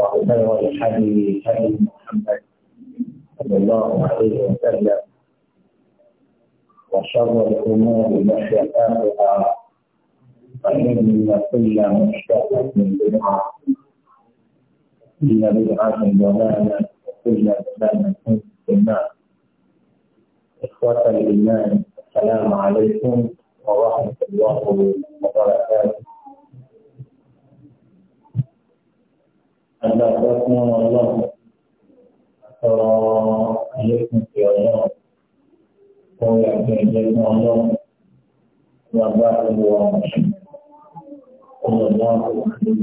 وخير الحديث هدي محمد صلى الله عليه وسلم وشر الأمور محدثاتها فإن كل محدثة بدعة كل بدعة ضلالة وكل ضلالة في النار إخوة الإيمان السلام عليكم ورحمة الله وبركاته agbàgbọ́sí wọn lọ́wọ́ sọ̀rọ̀ àlékún sí ọlọ́run fún ìyàgbé ìjẹ́ fún ọlọ́run fún àgbà ìlú wọn olùdó àwọn ọ̀sẹ̀.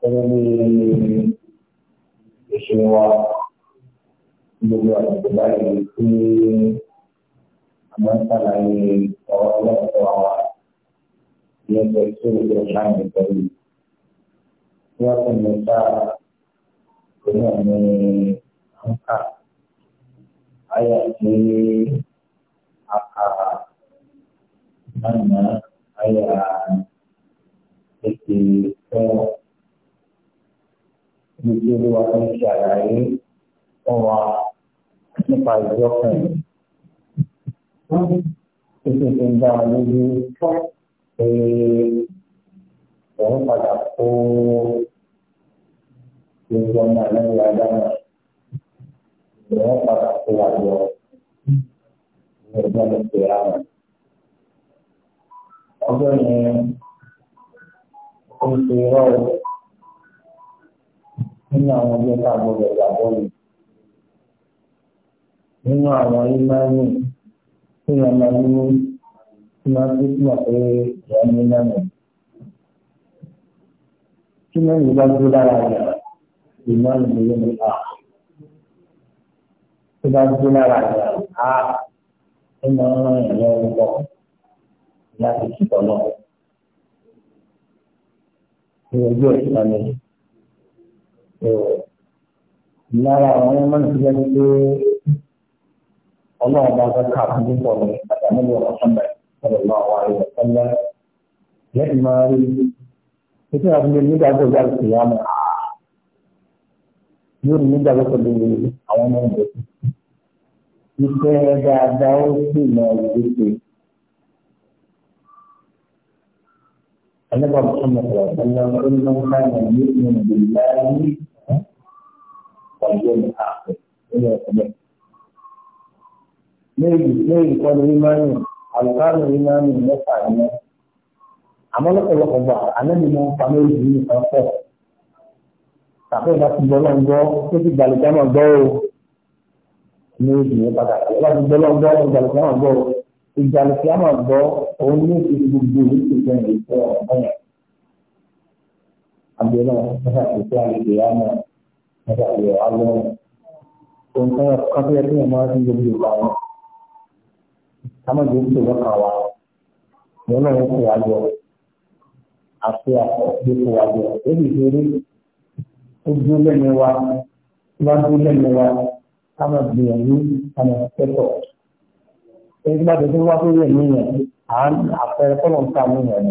Gẹ́gẹ́ bí ìṣe wa gbogbo àtìkú báyìí tí masalahnya orang tua yang bersulit dengan itu. Dia pemirsa dengan angka ayat di akar mana ayat itu ke di luar negara ini bahwa ini pajak títí fi dá a lójú òun padà kó gbogbo ọmọ àlejò adáná òun padà kó wà lọ ní ọjọ́ ọjọ́ ni ó ń ṣe rọ́ọ̀ nínú àwọn ọjọ́ tá a gbọdọ̀ gbàgbọ́ yìí nínú àwọn ìmáàmù tí wọ́n máa ní tí wọ́n tó tí wọ́n pé ìyá ní lánàá. Kí ló ń bá dúró lára rẹ̀? Ìmọ̀ ìlú ni a. Tó bá dúró lára rẹ̀, a ń máa ń ràn yàn lọ́wọ́ pọ̀ láti kìtọ̀ náà. Ìrọ̀jú ẹ̀ sá mi. Lára àwọn ọmọ náà ti jẹ́ pé ọlọ́run bá fẹ́ ká fún púpọ̀ ní àtàmúlò ọ̀sánbẹ̀ ọ̀rọ̀lọ́ àwọn àríwọ̀ tẹ́lẹ̀ yẹ́dì máa rí títí àfihàn nígbà tó yá sí yá mọ́ yóò rí nígbà tó pẹ̀lú àwọn ọmọ ìgbẹ́ iṣẹ́ dáadáa ó sì mọ ìgbésẹ̀ النبي محمد صلى الله عليه وسلم إنه كان يؤمن بالله واليوم الآخر إلى سبيل méjì méjì kọ́ lórí mánì àlùkárò lórí mánì mẹ́fà yẹn àmọ́ lọ́pọ̀lọpọ̀ gbà ànábì máa ń pa méjì yìí kan pọ̀ tàbí ìbá ti gbọ́ náà gbọ́ tó ti gbàlùkà náà gbọ́ o méjì yẹn pàtàkì ìbá ti gbọ́ náà gbọ́ tó gbàlùkà náà gbọ́ o ìgbàlùkà náà gbọ́ òun ní ìṣèlú gbogbo ìṣèlú ìṣèlú ọ̀gbọ́n yẹn àbẹ̀rẹ̀ nígbà tó tó àlejò yá náà nígbà tó yẹ wá lọ́wọ́ òun kọ́ kọ́kọ́ yẹ kí kámọ́ ìdí ìṣòro lọ́kàn wa ìyẹn náà ń kó wa jọ àti àkọ́kọ́ kó wa jọ èyí ìṣòro ó dúró lẹ́nu wa tí wọ́n dúró lẹ́nu wa kámọ́ gbìyànjú kámọ́ kẹ́kọ̀ọ́ èyí tí wọ́n wá sórí ẹ̀mí yẹn à ń àpẹẹrẹ kọ́nà ń ta mí yẹn ni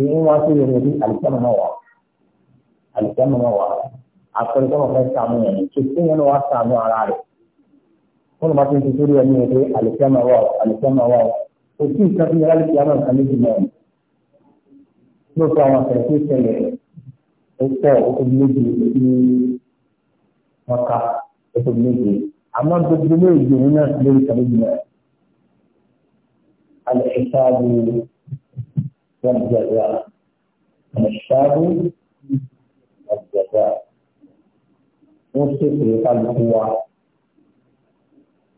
èyí wá sórí ẹ̀mí yẹn àlùkò náà wà àlùkò náà wà àpẹẹrẹ kọ́nà ń ta mí yẹn ni kò sí yẹn ló wá rẹ̀ wọ́n lọ́ bá ti ń tuntun rí ẹni ẹgbẹ́ àlùfẹ́mà wà ó àlùfẹ́mà wà ó kò sí nǹkan tó yẹra lùkìá náà nǹkan méjì náà ló sọ àwọn àṣẹ tó ṣẹlẹ̀ ó pọ̀ ó méjì ní wọn ká ó méjì àmọ́ gbogbo ilé ìgbìmọ̀ náà lórí kan méjì náà الحساب والجزاء الحساب والجزاء وصف لقلب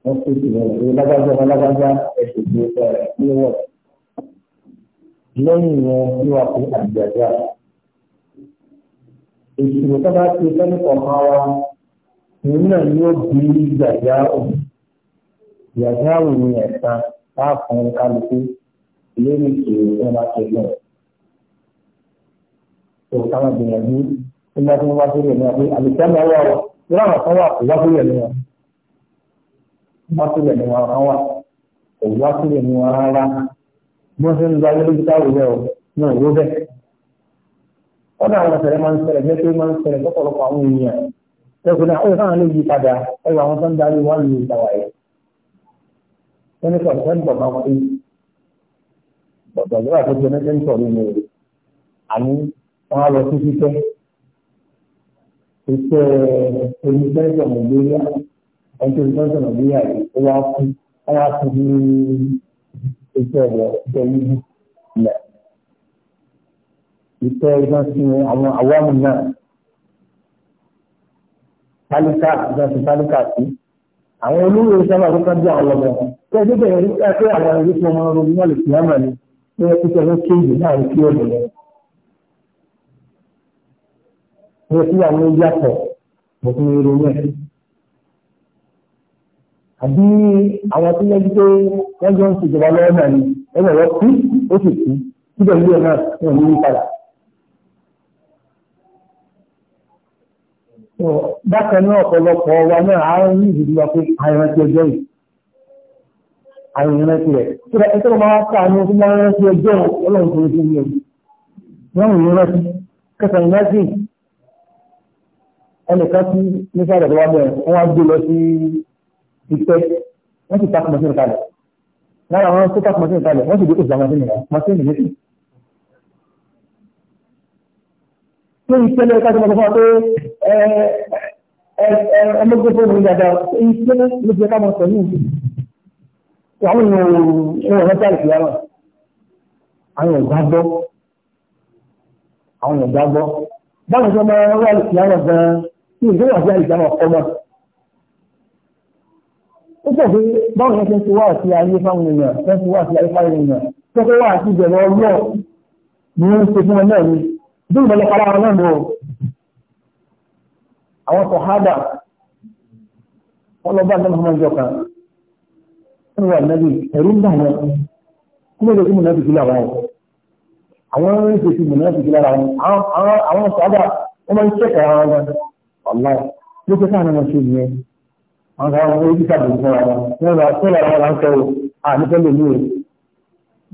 wọ́n tó ti wọ́n ìwé lágbájá wọn lágbájá ẹ̀sìn ìwé ọ̀tọ̀ rẹ̀ ní wọ́n. lẹ́yìn yẹn ní wàá fi àgbàjá. ìṣòro tó bá ti fẹ́ẹ́ kọ̀ọ̀kan wa òun náà yóò bí gbàjá òun. gbàjá òun ni ẹ̀sán bá fún kálukú lórí ìṣòro tó bá ti lọ. òun táwọn gbìyànjú nígbà tí wọ́n wá sílẹ̀ ní wọ́n pé àlùfáà máa wà wọ́n. ìlànà kan wà kó wá sílẹ̀ ní wọn. wọ́n sílẹ̀ ní wọn kan wà kò wá sílẹ̀ wọn rárá bí wọ́n ṣe ń gba ilé lójú táwọn ìwé ọ̀ náà wó bẹ́ẹ̀. ọ̀dọ̀ àwọn ọ̀sẹ̀rẹ̀ máa ń ṣẹlẹ̀ mẹ́tẹ́ máa ń àwọn èèyàn náà káwọn padà àwọn tó ń ẹjọ́ ìtọ́jú nàìjíríà yìí ó wá fún ó wá fún ní iṣẹ́ rẹ̀ jẹ́ yíyí lẹ̀. ìtọ́ ìtọ́jú sí àwọn àwọ̀mù náà tálíkà ìtọ́jú tálíkà sí àwọn olóyè sábà tó kájú àwọn ọmọ wọn tó ẹjọ́ bẹ̀rẹ̀ nípa pé àwọn ẹ̀rí tó wọn ronú náà lè fi hàn ní pé ó ti ẹ̀rọ kéèjì náà kí ó lè lọ. mo ti àwọn yàtọ̀ mo ti ronú ẹ̀ àbí àwọn tó yẹ pé wọ́n jọ ń ṣèjọba lọ́wọ́ náà ni ẹ̀rọ rẹ̀ kú ó sì kú síbẹ̀ ilé náà wọn ò ní padà. bákan náà ọ̀pọ̀lọpọ̀ wa náà á ń rí ìdílé wa pé àìrán ti ọjọ́ yìí àìrán ti rẹ̀ síbẹ̀ ẹ̀sẹ̀ wọn máa ta àwọn tó máa ń rántí ọjọ́ ọlọ́run tó ń fi ní ẹ̀yìn wọ́n ń rántí kẹsàn-án náà ẹnìkan tí nípa ìdàgbàsókè ìpẹ́ wọ́n ti pàkì mọ́sí ìkalẹ̀ lára wọn tó pàkì mọ́sí ìkalẹ̀ wọ́n sì dé òṣìṣẹ́ mọ́sí ìkalẹ̀ mọ́sí ìkalẹ̀ sí. ṣé ìpẹ́lẹ̀ ká ti mọ̀ fún wa pé ẹmọ́gbẹ́ fóònù dáadáa ìpẹ́lẹ̀ ló fi ká mọ̀ sọ ní ìlú. àwọn èèyàn ò wọ́n sáré sí yàrá àwọn ọ̀gá gbọ́ àwọn ọ̀gá gbọ́ báwọn ọ̀gá gbọ́ wọ́n wà lè sí yàrá gan-an tí ìgbéyàwó ó pọ̀ pé báwọn ẹ̀ṣẹ́ ti wá àti ayé fáwọn èèyàn fẹ́ ti wá àti ayé fáwọn èèyàn tó kó wá àti ìbẹ̀rẹ̀ ọlọ́ ni ó ń ṣe fún ọmọ mi bí ìbẹ̀rẹ̀ para wọn àwọn ọmọ wà ẹ̀rú ń bà wọn kí ló lára àwọn kan wọ́n yí sábò fún wa wọn wọ́n lọ sí ọ̀rọ̀ wọn sọ à nípa lè ní o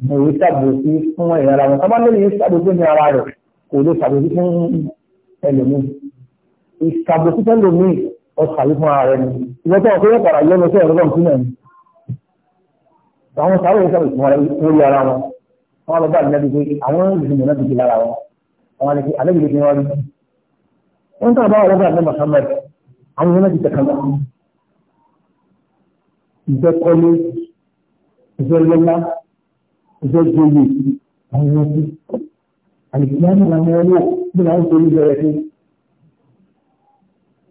mo yí sábò sí fún ẹ̀yà ara wọn tọ́ba lè yí sábò sí ní ara rẹ̀ kò lè sábò sí fún ẹlòmíì ìsàbò sí ẹlòmíì ọ̀sàbò fún ara rẹ̀ ni ìwọ́n tó ń fẹ́ kọ̀ọ̀rọ̀ yẹn lọ sí ọ̀rọ̀ lọ́n sílẹ̀ ni àwọn sáré sábò fún orí ara wọn wọn lọ bá àlejò pé àwọn ìgbìmọ̀ pé àwọn ìgbìmọ̀ náà ìfẹ́ kọ́lé ìfẹ́ lọ́lá ìfẹ́ gbòòlì àwọn ọmọ sí àìsíláàmù làwọn ọmọ bí wọ́n ṣe ń bẹ̀rẹ̀ sí.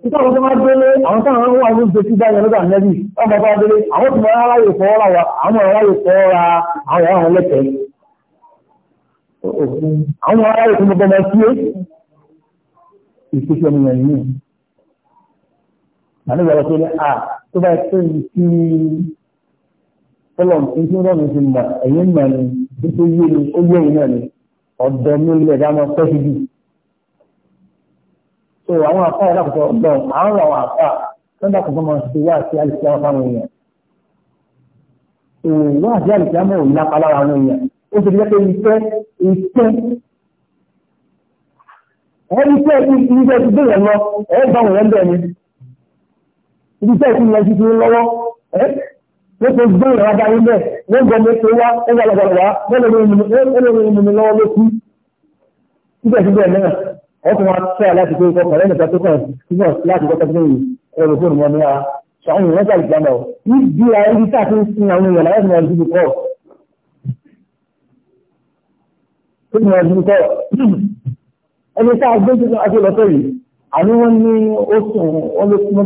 Nígbà wọn tó máa délé àwọn táwọn ọmọ wà ní ìgbésí dáyẹ lọ́dọ̀ àmẹ́bí ọmọ bá délé àwọn tó máa ráyè fọ́ ra wa àwọn ọmọ ráyè fọ́ ra àwọn ọmọ ẹlẹ́tẹ̀ẹ́. Àwọn ọmọ ráyè tó mọ bọ́ máa síé ìfẹ́sọ̀nù yẹn yìí. Màá ní ìgbà wọn tó ní à tó bá tó yìí tí tọ́lọ̀ ní tí wọ́n ti mọ̀ ẹ̀yìn mọ̀ ni títí yé ni ó yé yìí náà ni ọ̀dọ́ mi lè dá mọ́ pẹ́ síbi. so àwọn afá yẹn lákòókò ọ̀dọ́ àwọn àwọn afá wọ́n dákòókò máa ṣe wá sí àlùkò àwọn fáwọn èèyàn. wá sí àlùkò àwọn èèyàn lápá lára àwọn èèyàn ó ti di pé ìfẹ́ ìfẹ́ ẹni tí ẹ ti gbé yẹn lọ ẹ bá wọn yẹn ibi tẹ́ ìpín ìyẹn títí lọ́wọ́ ẹ́ wọ́n tó gbé ìrọ̀ abáyé bẹ́ẹ̀ wọ́n gbọ́ mi tó wá ó wà lọ́gbàlọ́ wá wọ́n lè ní ìmúni lọ́wọ́ ló kú síbẹ̀ síbẹ̀ náà ẹ kò máa tẹ́ láti pé kọ́ ọ̀rẹ́ nìkan tó kàn síbọ̀ láti kọ́ tẹ́kí lóyè ẹ̀rọ fóònù wọn ní wa ṣàwọn èèyàn sàlì ìjàmbá o ibi ra ibi tá a ti ń sin àwọn èèyàn láwọn ènìyàn dúdú kọ́ ènìyàn dúdú kọ́ ẹni tá a gbé jù lọ sí ọ̀sẹ̀ yìí àní wọ́n ní ó sùn wọ́n ló kú mọ́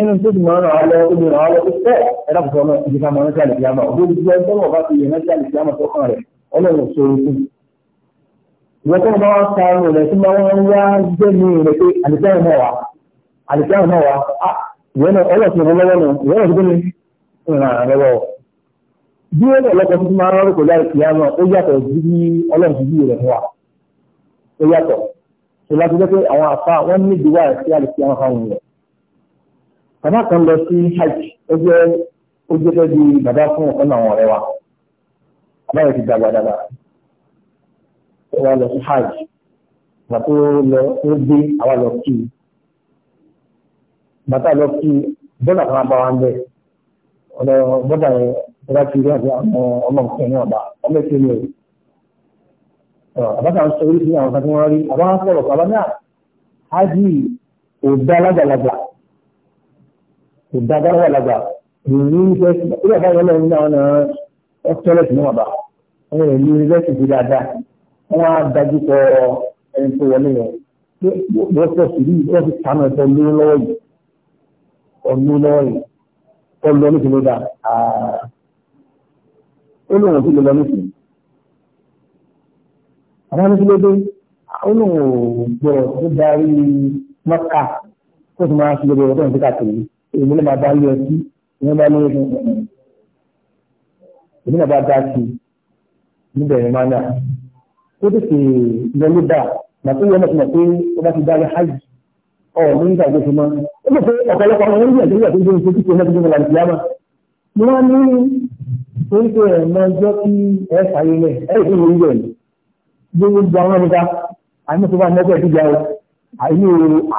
ẹnu tó ti máa ń ràn án lọ ó lè ràn án lọ pípẹ́ ẹ̀dá kò sọ́nà ibi ká máa ń jáde kíámà ó lórí gbogbo ẹgbẹ́ wọn bá ti yẹ mẹ́tí àlè kíámà tó kàn rẹ̀ ọlọ́run ò sórí fún ìwọ tó ń bá wọn ta ọrùn rẹ tí wọn ń wá jẹ ní rẹ pé àlìkáyọ̀ náà wà àlìkáyọ̀ náà wà á ah, ìwọ náà ọlọ́sìn ìwọ lọ́wọ́ náà ìwọ náà tó ní ìrìn àrùn lọ́wọ́ bí wọn lọ́kọ̀ tó máa ń rọrùn kò láì kíámà ó yàtọ̀ bí ọlọ́run ti bí rẹ̀ fún wa ó yàtọ̀ ṣùgbọ́n àti pé àwọn àfa bàbá kan lọ sí hajj ó jẹ́ ó jẹ́ fẹ́ di bàbá fún ọ̀kan àwọn ọ̀rẹ́ wa bàbá rẹ̀ ti dàgbà dàgbà ó wá lọ sí hajj bàbá tó lọ ó gbé àwa lọ kí i bàtà lọ kí i bọ́dà kan bá wa ń bẹ̀ ọ̀dọ̀ bọ́dà yẹn bọ́dà kí i láti àwọn ọmọ nǹkan ní ọ̀dà ọmọ ìṣẹ́ ni o bàbá kan sọ orí sí àwọn kan tí wọ́n rí àbá wọn sọ̀rọ̀ bàbá náà hajj ò dá lágbàlagbà kò dáadáa wà lágbà èyí ń fẹ́ ilé ẹ̀fọ́ yẹn lẹ́yìn náà náà ẹ tọ́lẹ̀tì náà bá wọn yẹn ní yunifásitì dáadáa wọn á dájú kọ ẹni tó wọlé yẹn pé wọ́n fẹ́ sí yìí wọ́n fi sànù ẹ̀fọ́ lóyún lọ́wọ́ yìí ọ̀lú lọ́wọ́ èmi náà máa bá yọ sí ìyẹn bá lóyún fún mi èmi náà bá dá sí níbẹ̀ yẹn máa nà ó tètè lọlé bá màtí wọn náà ti mọ̀ pé ó bá ti dá lé hajj ọ̀ ní nígbà tó fi mọ́ ó lè fẹ́ ọ̀pọ̀lọpọ̀ àwọn onígbà tó ń gbà tó ń gbé ní sókè tó ń gbé ní làlùfíàmà ni wọ́n ní oúnjẹ ẹ̀ máa jọ kí ẹ fàyè rẹ̀ ẹ lè fún oúnjẹ rẹ̀ gbogbo àwọn ọmọdé àmì tó bá mọ́kọ̀ ẹ̀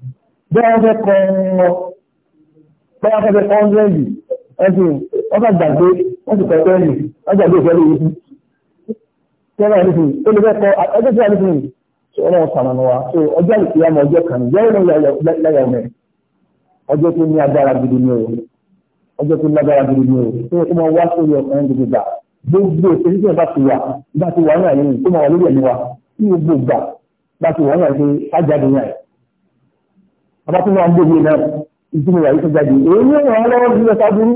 bẹ́ẹ̀ fẹ́ kọ́ ọ́ bẹ́ẹ̀ fẹ́ fẹ́ kọ́ ọ́ndẹ́ẹ̀dì ẹ̀sìn ọba gbàgbé wọ́n ti pẹ̀lú ẹ̀yìn wọ́n gbàgbé ìfẹ́lú yìí tí wọ́n ní fún olùkọ́ ọjọ́ tí wọ́n ní fún ṣe ọlọ́run sàmánù wa so ọjọ́ ìkìyàmù ọjọ́ kan yẹ́wò ní o ọjọ́ tó lágbára gidi ni o tí wọ́n máa wá sórí ọkùnrin gbogbo gbà gbogbo èyí tí wọ́n bá ti wà bá ti wà ní àyè tó máa wà lórí ẹ̀mí ní àyè abátúmí àgbègbè náà ìdúró wà yìí tó jáde èyí ni wọn lọ́wọ́ bí lọ sábúrú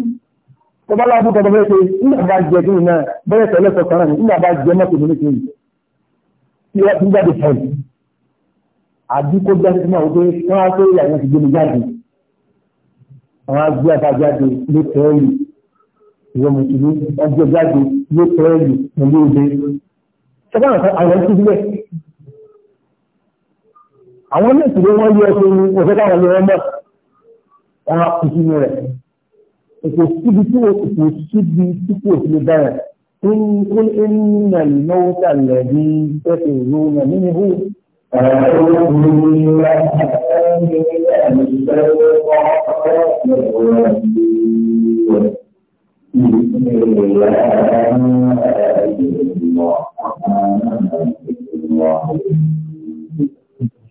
tó bá láàbù tọdọ bẹ́ẹ̀ pé nígbà bá jẹ kí náà bẹ́ẹ̀ tẹ́lẹ̀ sọ kan náà nígbà bá jẹ mọ́tò ní méjì tí wọ́n ti jáde fún un àbí kó jáde fún àwọn pé wọ́n á tó ìyàwó ti gbé mi jáde àwọn agbé àbájáde ló tẹ́ẹ̀lì ìwọ mùsùlùmí wọ́n gbé jáde ló tẹ́ẹ̀lì pẹ̀lú òde ṣọ́kàn àwọn ìtúsílẹ̀ àwọn ilé ìtìlé wọn yẹ ẹsẹ ní ọjọ́ káwọn lè rẹmọ wọn á kú sínú rẹ ètò síbi tí o kò síbi tí kò sí lè bẹ̀rẹ̀ ń kó ń lọ́wọ́ tà lẹbi bẹ́ẹ̀ ìlú nà nínú ihu. Thank you.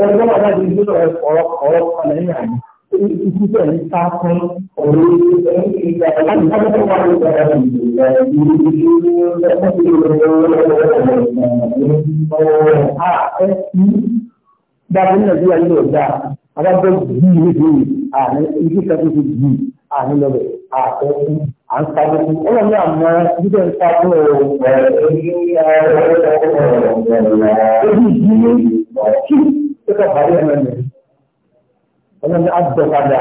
Ẹgbẹ́ bàbá ti gbé ọ̀rọ̀ ọ̀rọ̀ kan lẹ́yìn àná. Ikú bẹ̀rẹ̀ ní sá fún ọ̀rọ̀ ìgbà láti bá tó wà lórí ọ̀rọ̀ ìgbà Dábí Nàìjíríà yóò dá alábẹ́ yìí níbi àní ibi kan tó ti yìí àní lọ́bẹ̀ àfẹ́ fún à ń sáré fún ọ lọ́nà àmọ́ jíjẹ́ ń sá fún ọ. Ebi ìdílé kí ó kọ̀ parí ẹ̀rọ mi. Ọlọ́run á gbọ́ padà.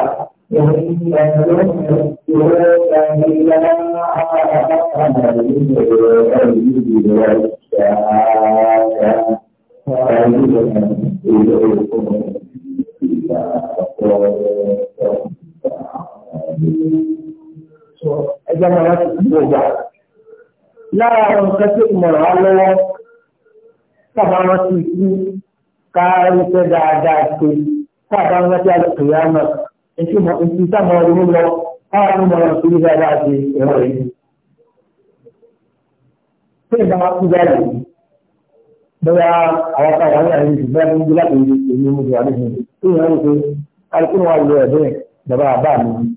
Thank you sọ ẹgbẹ́ máa láti gbogbo ọgbà. Lára àwọn nǹkan tó ìmọ̀ràn á lọ́wọ́ sábà rántí ikú káàárí pẹ́ dáadáa ṣe sábà rántí àlùkò yá náà ètò ìtì sábà ronú lọ káàárí mọ̀ràn tó yí dáadáa ṣe ẹ̀rọ yìí. Ṣé ìbára kú jáde yìí? bóyá àwọn kan wọ́n yàrá ìlú bẹ́ẹ̀ ní láti ìlú ìlú ìlú àdéhùn tó yàn án pé alùpùpù wa lọ ẹ̀dẹ́ bàbá àbá mi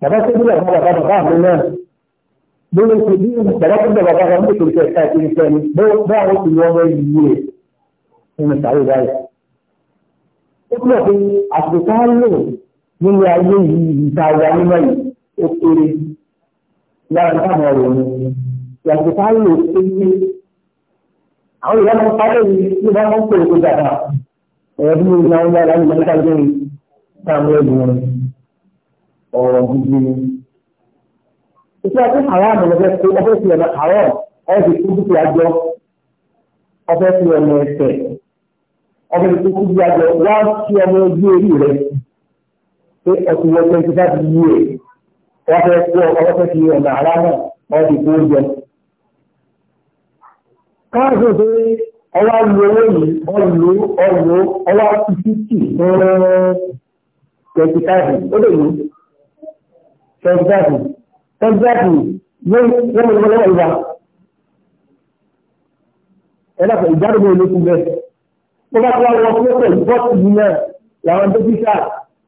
bàbá tó bí bàbá bàbá bàbá mi náà bí wọ́n ti bí bàbá tó bí bàbá bàbá mi kò tẹ̀ ká kiri sẹ́ni bá àwọn ti lọ ọmọ yìí rẹ̀ nínú sàrò báyìí. ó túbọ̀ pé àsìkò tá a lò nínú ayé yìí ìta wa nínú yìí ó kéré lára táwọn ọ̀rọ̀ mi àsìkò tá lò ó yé àwọn ìyá máa ń parẹ́ yìí ló bá máa ń pèrè kó dàda ẹ̀rọ bí mo ní àwọn ọmọ ìyá mi máa ń táwọn ọmọ ọ̀rọ̀ gidi ni. Iṣẹ́ ọdún haram lọ́fẹ́ tó ọfẹ́ fi ọ̀nà haram ọ̀fẹ́ tó dúkìá jọ ọfẹ́ fi ọ̀nà ẹ̀fẹ̀ ọfẹ́ tó dúkìá jọ wá sí ọmọ ojú orí rẹ̀ pé ọtún wọ twenty five years wọ́n fẹ́ kó ọfẹ́ fi ọ̀nà haram ọ̀fẹ́ tó jọ. Káàdì pé ọwọ́ lu owó yìí ọlù ọlù ọwọ́ fífítì fún twenty five ó lè ní tẹ̀síjáde tẹ̀síjáde yóò mọ̀ lọ́wọ́ ìwà ẹ̀dàpọ̀ ìjádùn mi lókun bẹ́ẹ̀ tó bá tó wá lọ sí ọ̀pọ̀ ìbọ́ọ̀tì yìí náà làwọn dókítà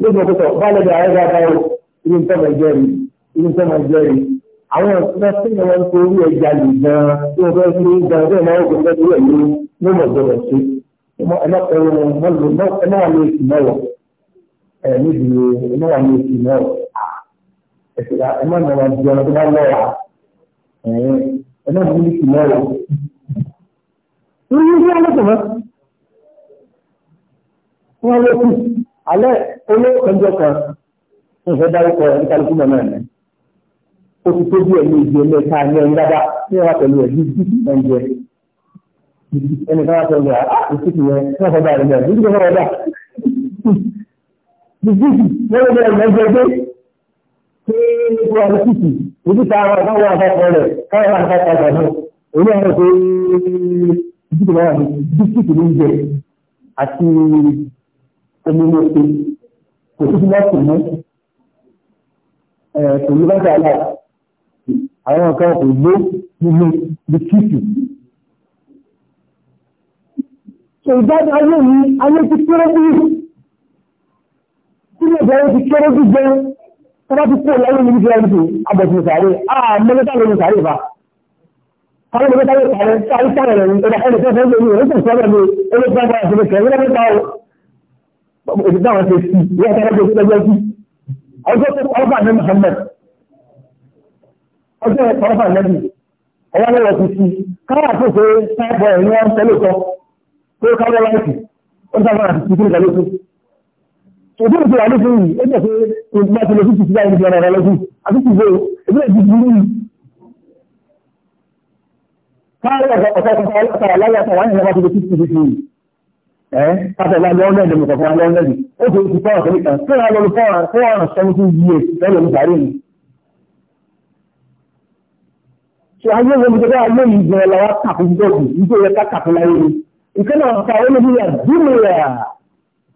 ló bọ̀ pẹ̀tọ̀ bá lọ́dọ̀ ààrẹ dáadáa o ilé ń tọ́mọ̀ ìjẹ́rìí ilé ń tọ́mọ̀ ìjẹ́rìí àwọn ọ̀sán tí wọ́n ń torí ẹja lè gan tí wọ́n fẹ́ fi gan bẹ́ẹ̀ náà ó fẹ́ torí ẹ̀yìn ló mọ̀ gbọ́dọ̀ sí ẹ̀mọ́ náà ẹ̀sìlá ẹ má nà wọn di ọmọ tó bá lọ́wọ́ ẹ̀yìn ẹ má bí kì lọ́wọ́. Irú ní alẹ́kùn náà wọ́n lé kù alẹ́ olóòkànjọ kan ń fẹ́ dárúkọ ní kálukú mọ̀ náà ó ti tó bí ẹ̀mí ìdí ẹ̀mí ẹ̀ka ní ẹ̀yìn dáadáa ní ẹ̀wà pẹ̀lú ẹ̀ ní títí náà jẹ ẹnì kan wá pẹ̀lú ẹ̀ á kò títí yẹn ní ọ̀fọ̀ bá rẹ̀ náà ní ìdí kan wọ́n rẹ̀ dà. Bìbí wọ́n lé ẹ̀mí ẹ̀jẹ̀ dé pé ó wà lókìkì ojú ta ara káwọn àpapọ̀ rẹ̀ káwọn àpapọ̀ rẹ̀ náà èyí àwọn ọ̀pẹ ojú tó bá wà ní bísíkì ní jẹ àti omi ní oṣù kò sí sílẹ̀ kò mọ́ kò ní bá ta láì àwọn nǹkan kò gbé nínú bísíkì. Ṣé ìdájọ́ ayé mi ayé ti kéré bí? Kí ni ìdájọ́ ti kéré bí jẹun? bá ti kó lẹ́yìn níbi ẹni tí abẹ̀tì sàárè àmọ́lẹ́ta lórí sàárè bá káwọn ọmọ táwọn sàárè sáré sáré rẹ̀ tó fẹ́ lórí ẹ̀dá ní Muhammad ọjọ́ ọlọ́pàá lẹ́bi ọwọ́ lọ́wọ́ ti fi káwọn àtúnṣe sáàbọ̀ ẹ̀yìn wọn òbí òbí wà lóṣù yìí ó jẹ́ pé ìgbà tí lọ́sí ti ti báyìí níbi ọ̀rọ̀ lọ́sí àti ti gbé ìbí èdè ìbí yìí. káàrí ọ̀sọ̀ ọ̀sọ̀ ọ̀sọ̀ aláyà ọ̀sọ̀ wà ní ìjọba tó ti ti ti yìí. ẹ káfẹ́ wà lọ́wọ́ lẹ́dẹ̀ mọ̀tọ̀ fún wa lọ́wọ́ lẹ́dẹ̀ ó ti ti fọ́ọ̀rọ̀ kẹ́lẹ́ kan fún wa lọ́lọ́ fọ́ọ̀rọ̀ sẹ́wọ́n yíyẹ lọ́lọ́ ní sàárè ni. ṣe ayé wo nígbà ayé yìí gbẹ̀rẹ̀ làwọn kàkúndọ̀kù nígbà yẹ ká kàkúnláyé ni ìkànnà ọ̀sà olóbìnrin àdúmọ̀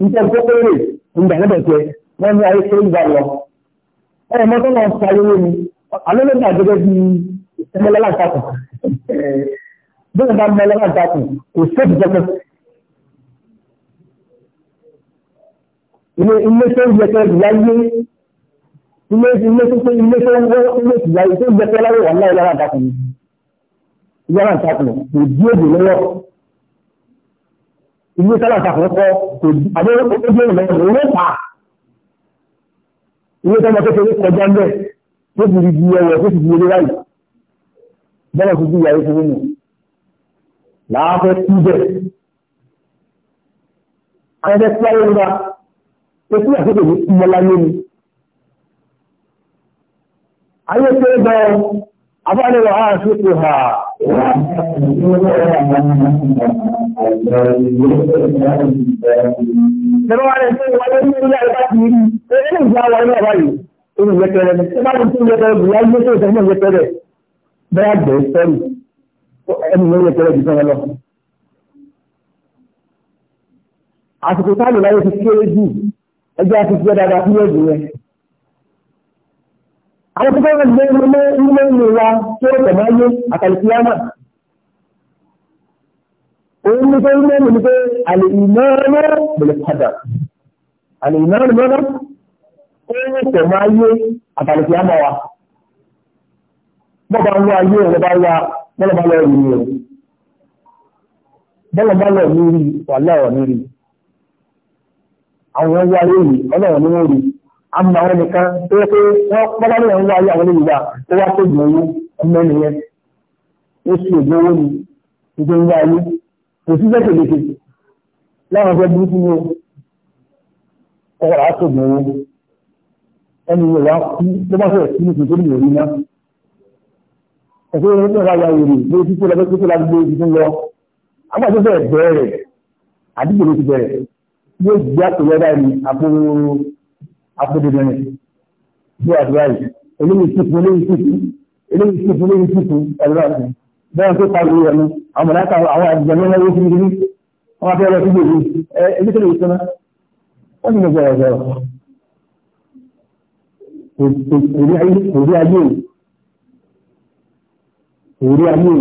níta kókó rè nígbà náà bẹ̀tẹ̀ wọ́n ní ayé tó ń gbà lọ. ẹ mọ tó lọ sọ ayé mi alẹ́ ló ń gbà gẹ́gẹ́ bí ẹmọlẹ́lá ìtakùn bí wọ́n bá mọlẹ́lá ìtakùn kò sóòtù jẹ́kẹ́. ilé ilé tó ń jẹ́kẹ́ láyé ilé ilé tó ń ilé tó ń wọ́ ilé tó láyé tó ń jẹ́kẹ́ láyé wà láyé lára ìtakùn yàrá ìtakùn kò dí èdè lọ́wọ́ ìlú tẹ́lẹ̀ta kò kọ́ àdéhùn ìlú pa ìlú tẹ́lẹ̀ tó fẹ́ kọjá ń bẹ̀ tó fi di ẹwẹ̀ tó fi di eré láì bọ́lá tó fi yàrá fún mi láàfẹ́ kú bẹ̀ ayẹyẹ tí wáyé nípa tó kú àkókò ní kú mọ́lá lónìí ayé tó gbọ́ abáyẹ̀wò àṣepò hàn Ẹ̀rọ wa rẹ̀ ṣe ìwọlé ní ilé ẹ̀ka ti rí. Ẹni ìjà wa ní ọ̀bá yìí, inú yẹpẹrẹ ni. Ṣé bá mi tún yẹpẹrẹ bù láyé tó ìṣẹ́ náà yẹpẹrẹ? Bẹ́ẹ̀ gbẹ̀ sẹ́rù. Ẹni ló yẹpẹrẹ jù sọ́yẹ lọ. Àsìkò táàlù láyé ti kéré jù. Ẹjẹ́ àti fi ẹ́ dáadáa fún ẹ̀gbìn yẹn àwọn tó fẹ́ràn gbé ilé ilé ìlú wa tí ó tẹ̀lé ayé àtàlùkìyàmà òun ní pé ilé ìlú pé àlè ìmọ̀ọ́rọ́ pẹ̀lú padà àlè ìmọ̀ọ́rọ́ mọ́rọ́ ó tẹ̀lé ayé àtàlùkìyàmà wa bọ́ba ń wá ayé rẹ̀ bá wá bọ́lá bá lọ rí rẹ̀ bọ́lá bá lọ rí rí wà láwọ̀ ní rí àwọn wá ayé yìí ọlọ́run ní wọ́n rí àmà àwọn nìkan tó yẹ pé wọ́n pọ́nlá ní àwọn ayé àwọn olùgbà tó wá tó gbòòrò ọmọ nìyẹn ó sì ògbó owó ni ìjọ ń wá ayé kò sí bẹ́ẹ̀ tèlé tèlé láwọn ọjọ́ burúkú ni ó ọ̀rọ̀ á tó gbòòrò ẹni yẹn wá kú ló bá fẹ́ẹ̀ kú nìkan tó ní náà ẹ̀fọ́ yẹn nígbà wá ya lórí títí lọ títí lọ gbé akédèdè ni bí àdúrà yìí eléyìí tìfún eléyìí tìfún eléyìí tìfún eléyìí tìfún àdúrà yìí bẹ́ẹ̀ tó parí rẹ̀ nu àwọn ọ̀dà kan àwọn àgbẹ̀ ní wọ́n fi ní wọ́n fẹ́ lọ sí gbèbí ẹ ebi tó lè sọ náà wọ́n ti lè bẹ̀rẹ̀ bẹ̀rẹ̀ òrí ayé òrí ayé òrí ayé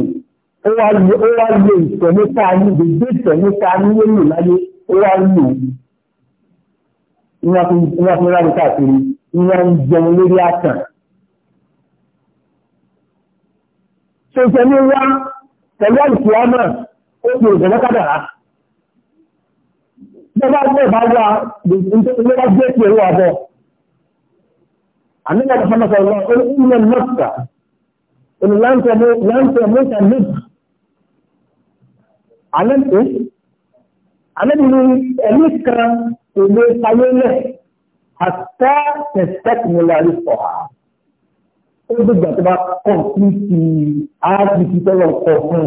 ó wá lè ìtẹ̀mẹ́ta ní gbèdé ìtẹ̀mẹ́ta ní wọ́n lò láyé ó wá lò wọ́n fi rárí káàkiri wọ́n ń jẹun lórí àtàn. ṣe jẹ ní wá pẹ̀lú àìsí ọmọ ó fi òjò lọ́kàdàrá. Bọ́lá ọgbẹ́ bá wá lọ́wọ́ gbé sí ẹ̀rọ àbọ̀. Àmì ìlànà fọ́nà sọ̀rọ̀ ó ń ilẹ̀ mọ́tà. Èmi láǹtẹ̀ mọ́tà méjì. Àlẹ́ mi ni ẹ̀mí kan kò lè sáyé lẹ̀ àtẹ́ tẹ̀sítẹ́kùnmọ́lá rí sọ̀ á. ó dìgbà tó bá kọ̀ sí ti rpc tọ́lọ̀ kọ̀ fún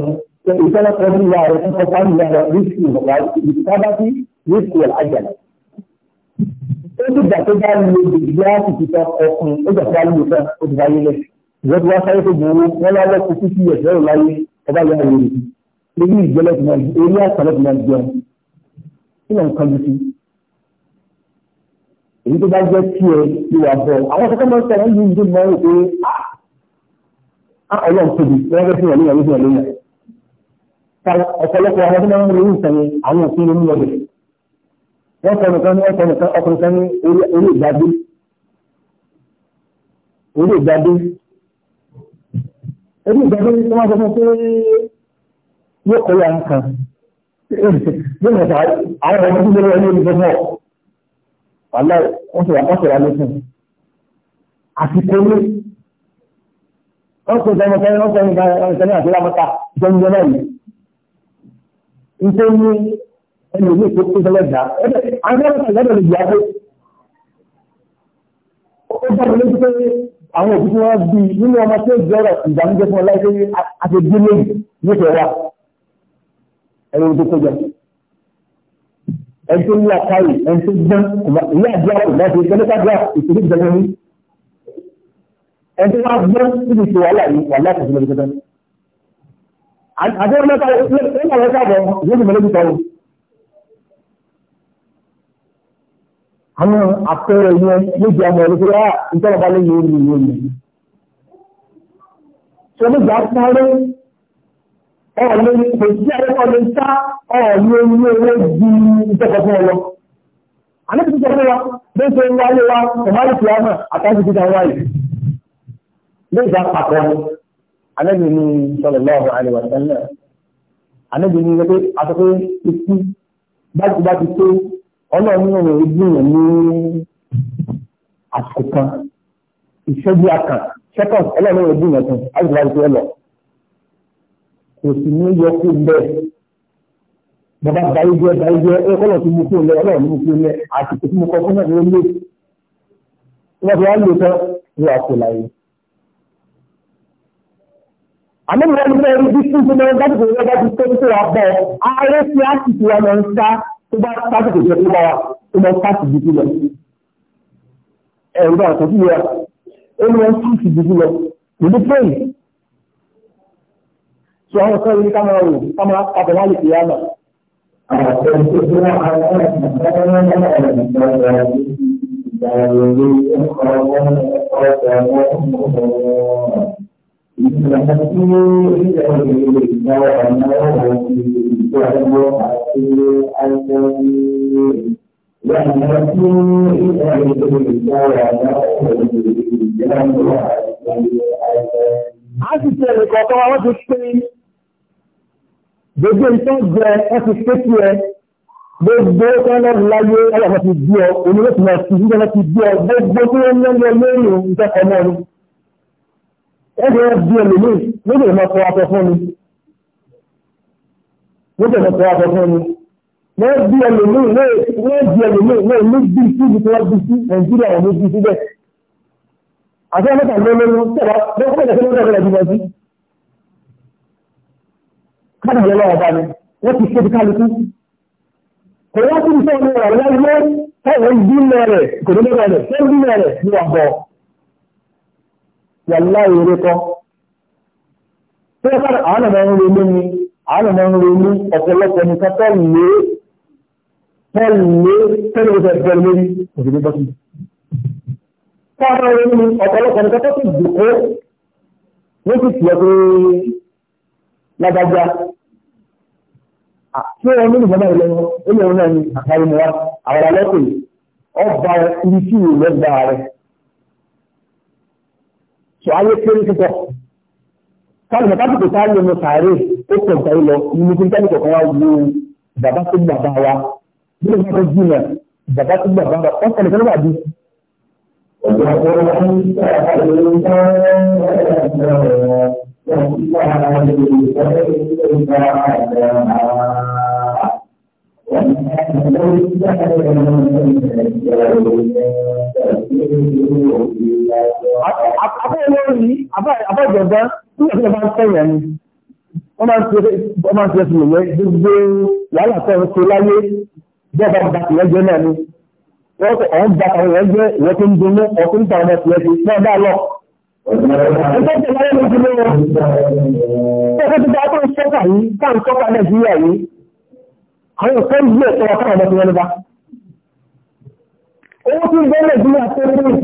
un ìtọ́lọ̀ kọ̀ sí ìyá rẹ̀ fún ọ̀pá ìyá rẹ̀ rísì ìwà ìtàbá sí rísì àjàlá. ó dìgbà tó bá lo ìdílé rpc tọ́ kọ̀ fún un ó dìgbà tó bá lo ìfẹ́ ó ti wáyé lẹ̀. ìjọba tó bá sáyé tó gbòòrò wọn lọ́wọ́ kó sí sí èyí tó bá jẹ́ tí ẹ ti wà bọ̀ àwọn ọ̀sán máa ń sọ̀rọ̀ yìí ń dùn máa ń pè á ọlọ́run tóbi wọ́n fẹ́ fún wọn níyàwó fún wọn lóyún ọ̀pọ̀lọpọ̀ àwọn tó máa ń rí ìsàn yẹn àwọn òfin ló ń lọ bẹ̀ wọ́n sọ nìkan ní ọkọ̀ nìkan ọkùnrin kan ní orí ìgbàdé orí ìgbàdé orí ìgbàdé tó máa sọ fún pé yóò kọ́ yàrá kan yóò wàlẹ́ wọ́n sọ̀rọ̀ àkọsọ̀rọ̀ alẹ́sìn àsìkò ní wọ́n sọ ìdáná kẹ́rin wọ́n sọ ìdáná kẹ́rin àti lámọ́ta ìjọba náà yìí nítorí ẹni òní ètò tó fẹ́lẹ́ dà àwọn ọ̀sán ìdáná lè yàgò ó dábọ̀ lójú pé àwọn òbí tí wọ́n bí nínú ọmọ tó jẹ́ ọ̀rọ̀ ìdánújẹ́ fún ọláìsẹ́ àti ìdílé yìí ní ìfẹ́ wa ẹ̀rọ ìdókòjọ́ ẹni tó nílá káyì ẹni tó gbọ́n ìyá àdúrà kò bá ti ẹlẹ́ka àdúrà ìṣèlú ìjọba ní. ẹni tó wá gbọ́n níbi ìṣòwò wàhálà yìí wàhálà kò sí lọ́dún tẹ́tẹ́. àti ẹni mẹ́ta ẹni àwọn ẹ̀ka àbọ̀ ìwé ìmọ̀lẹ́bí kan o. àwọn àpẹẹrẹ yẹn méjì àmọ́ ẹni tó ìjọba lẹ́yìn orí ìwé yẹn. sọ ọ̀lẹ́ kò sí ẹ̀rọ lè sá ọ̀lẹ́ ilé owó di ìjọba fún ọlọ. Àníbi títọ́ fún wa, bí ó ṣe ń wáyé wa, Kòmáàlì Fìlàmà àtàkì títà wáyé. Bí ìjà pàtó ni, àníbi ni sallallahu alaihi wa sallam. Àníbi ni wípé àtọ́kọ́ ikú bá ti tó ọlọ́run ní ọ̀rọ̀ ìgbìyàn ní àsìkò kan, ìṣẹ́jú akàn, ṣẹ́kọ̀n ọlọ́run ní ọ̀rọ̀ ìgbìyàn kan, á kò sì ní yọ kó ń bẹ́ẹ̀ bàbá báyìí jẹ́ báyìí jẹ́ ẹ kọ́lọ̀ tó mú kó lẹ ọlọ́run mú kó lẹ àsìkò tó mú kọ́ fún ẹ̀rọ lé wọ́n ti wá lè tán ní àpò láyé. àmì ìwọ ni bẹ́ẹ̀ rí bí fún fún ẹni dájú kò bá ti tó tó wà bọ̀ ààrẹ ti àsìkò wa ń sá tó bá sásìkò jẹ tó bá wa tó lọ sáàsì dìbò lọ. ẹ̀rù bá àtọ́jú wa ó lọ sáàsì dìbò lọ tí àwọn ọ̀sán yìí káwọn rò káwọn pàtó láì fi yánà. A sì ṣe ẹ̀rẹ̀ kọ̀ọ̀kan wọn ti pín gbogbo nǹkan jẹ ẹ fi ṣékì ẹ gbogbo kọ́nà láyé ọlọ́pàá ti bí ọ oníwèsì náà ti nígbà ti bí ọ gbogbo tí wọ́n ń lọ lórí nǹkan kan náà ni ẹ fi wọn bí ẹlòmíì lóde ìmọ̀ fọ aṣọ fún mi lóde ìmọ̀ fọ aṣọ fún mi wọ́n bí ẹlòmíì wọ́n bí ẹlòmíì wọ́n ní bí sí ibi tí wọ́n bí sí nàìjíríà wọ́n ní bí síbẹ̀ àti ọlọ́pàá lọ́lọ́run tẹ̀lá bẹ́ẹ̀ kádà lọ́wọ́ ọba ni wọ́n ti ṣébi kálukú kò wá sí iṣẹ́ ìlú ọ̀rọ̀ láyé táwọn ìdílé rẹ̀ kò ní lọ́rọ̀ rẹ̀ tó ń dílé rẹ̀ ní wà bọ̀ yàrá ìrẹ́ kọ́ tó yẹ káàdà àwọn ọmọ ń ronú ni àwọn ọmọ ń ronú ọ̀pọ̀lọpọ̀ nìkan tó lé tẹ́lẹ̀ tẹ́lẹ̀ tẹ́lẹ̀ tẹ́lẹ̀ lórí òṣèlú bọ́sùn táwọn ọmọ ronú ọ̀pọ̀lọpọ̀ Ṣé ah, wọn nínú ìjọba ilẹ̀ wọn, ó lè wọn náà ní àkàrí mu wá, àwọn alẹ́kùn ọba ibi tí ìwé lọ́gbà rẹ̀. Ṣé ayé kéré títọ́? Káàdì bàbá tó tá lè mọ sàárè ó pọ̀ ìtàrí lọ, ìlú tí nítàlẹ̀ kọ̀ọ̀kan wá wo bàbá tó gbàgbà wa. Bí ó bá tó jìnà, bàbá tó gbàgbà wa, wọ́n kàn ويقول أنت الإنسان Abájọba tí wọ́n fi máa ń tẹ̀yàn ni, wọ́n máa ń ṣe ọmọ ìṣẹ́sìn lòyẹ́ gbogbo làálàá tẹ́rẹ tó láyé, bọ́ọ̀bá bàtìlẹ́jẹ́ náà ni, wọ́n gba àwọn èèyàn jẹ́ ìwọ́n tó ń dunú ọkùnrin tàwọn ọmọ tiẹ̀ ti pọ́n dá lọ. Ẹgbẹ́ ti láyé ń sọ́kà yìí, tá ń sọ́kà Nàìjíríà yìí. Àwọn òṣèré yìí ẹ̀sọ́ wa ọmọ tiwọn ní Owó tí ń bẹ́ Nàìjíríà tó ń rìn.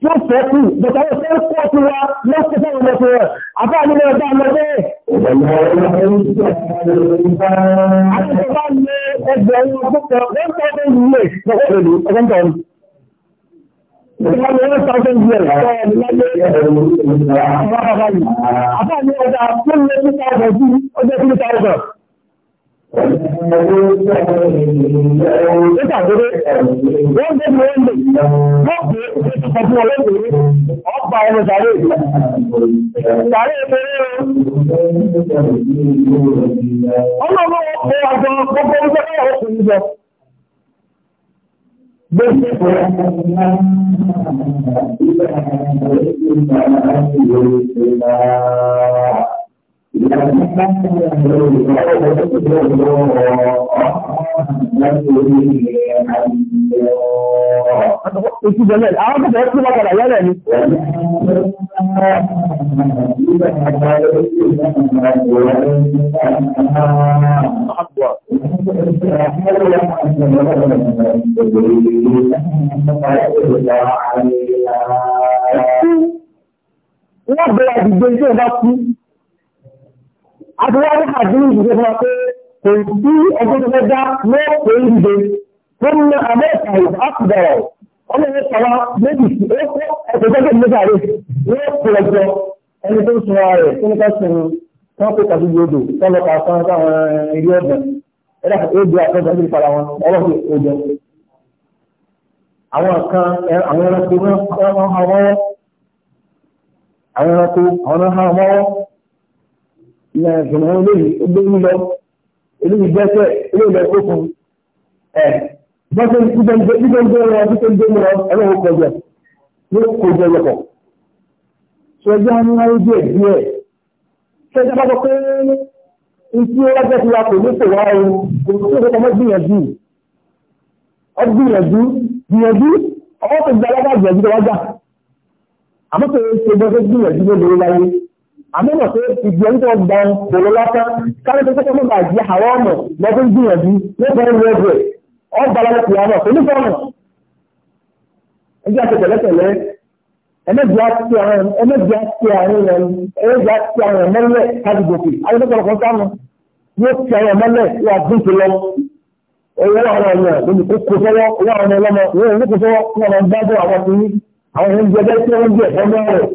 Tí fẹ́ kú, bàtà ó fẹ́ kú ọtí wa lọ́sọ̀ ọmọ tiwọn. Àbá mi lọ bá ọmọ ẹgbẹ̀rún ọgbọ́n tọ́ni. years Ìtàgbére wọ́n gbé mi ó lè wọ́n gbé ìtàkọ̀ fún ọlọ́gbèrè ọba ọmọ sàárè. Sàárè ìpẹ̀rẹ̀ ọmọ ọmọ ọ̀pọ̀ àjọ gbogbo ọjọ́ náà ó kù níjọ. Gbèsè pẹ̀lú ìgbà Oṣù Bẹ̀lẹ̀, àwọn tó Wọ́n bẹ̀rẹ̀ àdìgbò iṣẹ́ ìbá kú. Adúláwọ̀ àti ìjọba pé kò sí ẹgbẹ́ tó fẹ́ dá lọ́pọ̀ ìdè tó ń lọ Amẹ́ríkà yìí àkùdọ̀rọ̀. Ọmọ ẹgbẹ́ sọ̀rọ̀ méjì sí ẹ̀kọ́ ẹ̀kọ́ tó ń lọ́pọ̀ rẹ̀ lọ́pọ̀ ọjọ́ ẹni tó ń sọ rẹ̀ tó ní ká sinmi tó ń pè tàbí yodò tó ń lọ kà sán sáwọn ilé ọ̀dọ̀. Ẹ dàpọ̀ ébi àtọ́jọ́ sí ìpara wọn ọlọ́pọ̀ òjò. Àwọn kan àwọn ẹranko wọn àwọn ẹranko àwọn ẹranko ní ẹ̀sùn àwọn olóyìn olóyìn lọ olóyìn bẹ́sẹ̀ olóyìn lọ kó fún ẹ̀ bọ́sẹ̀ nígbà ń gbé wọn bí tó ń gbé wọn ẹ̀rọ wọn kọjá ló kọjá lọ́pọ̀ ṣọjá ń ráyé díẹ̀ díẹ̀ ṣọjá bá bọ́ pé ìtí ó wájẹ́ ti wa kò ní kò wá o kò sí òkè ọmọ gbìyànjú ọgbìyànjú gbìyànjú ọwọ́ tó gba alága gbìyànjú tó wájà àmọ́ kò ṣe bọ́ pé gbìyànjú ló lórí láyé àmọ́nà pé ìgbẹ́ ń tọ́ gbọ́n kòló lásán kárí tó tẹ́tẹ́ mọ́ba àjí àwọn ọmọ lọ́dún gbìyànjú lọ́gbọ́n ń wẹ́ẹ̀bẹ̀ ọgbà lọ́dún kìí àmọ́ onífọ́ọ̀mù. ẹjẹ́ àti pẹ̀lẹ́pẹ̀lẹ́ ẹmẹ́jì á ti àwọn ẹmẹ́jì á ti àwọn ẹ̀rọ ẹmẹ́jì á ti àwọn ẹ̀mọ́lẹ̀ kájúgbòkè ayélujáfọ̀lọ́kọ̀ sáàmù yóò ti àwọn ẹ̀mọ́lẹ̀ wà dùn tó lọ owó àwọn ènìyàn lóbi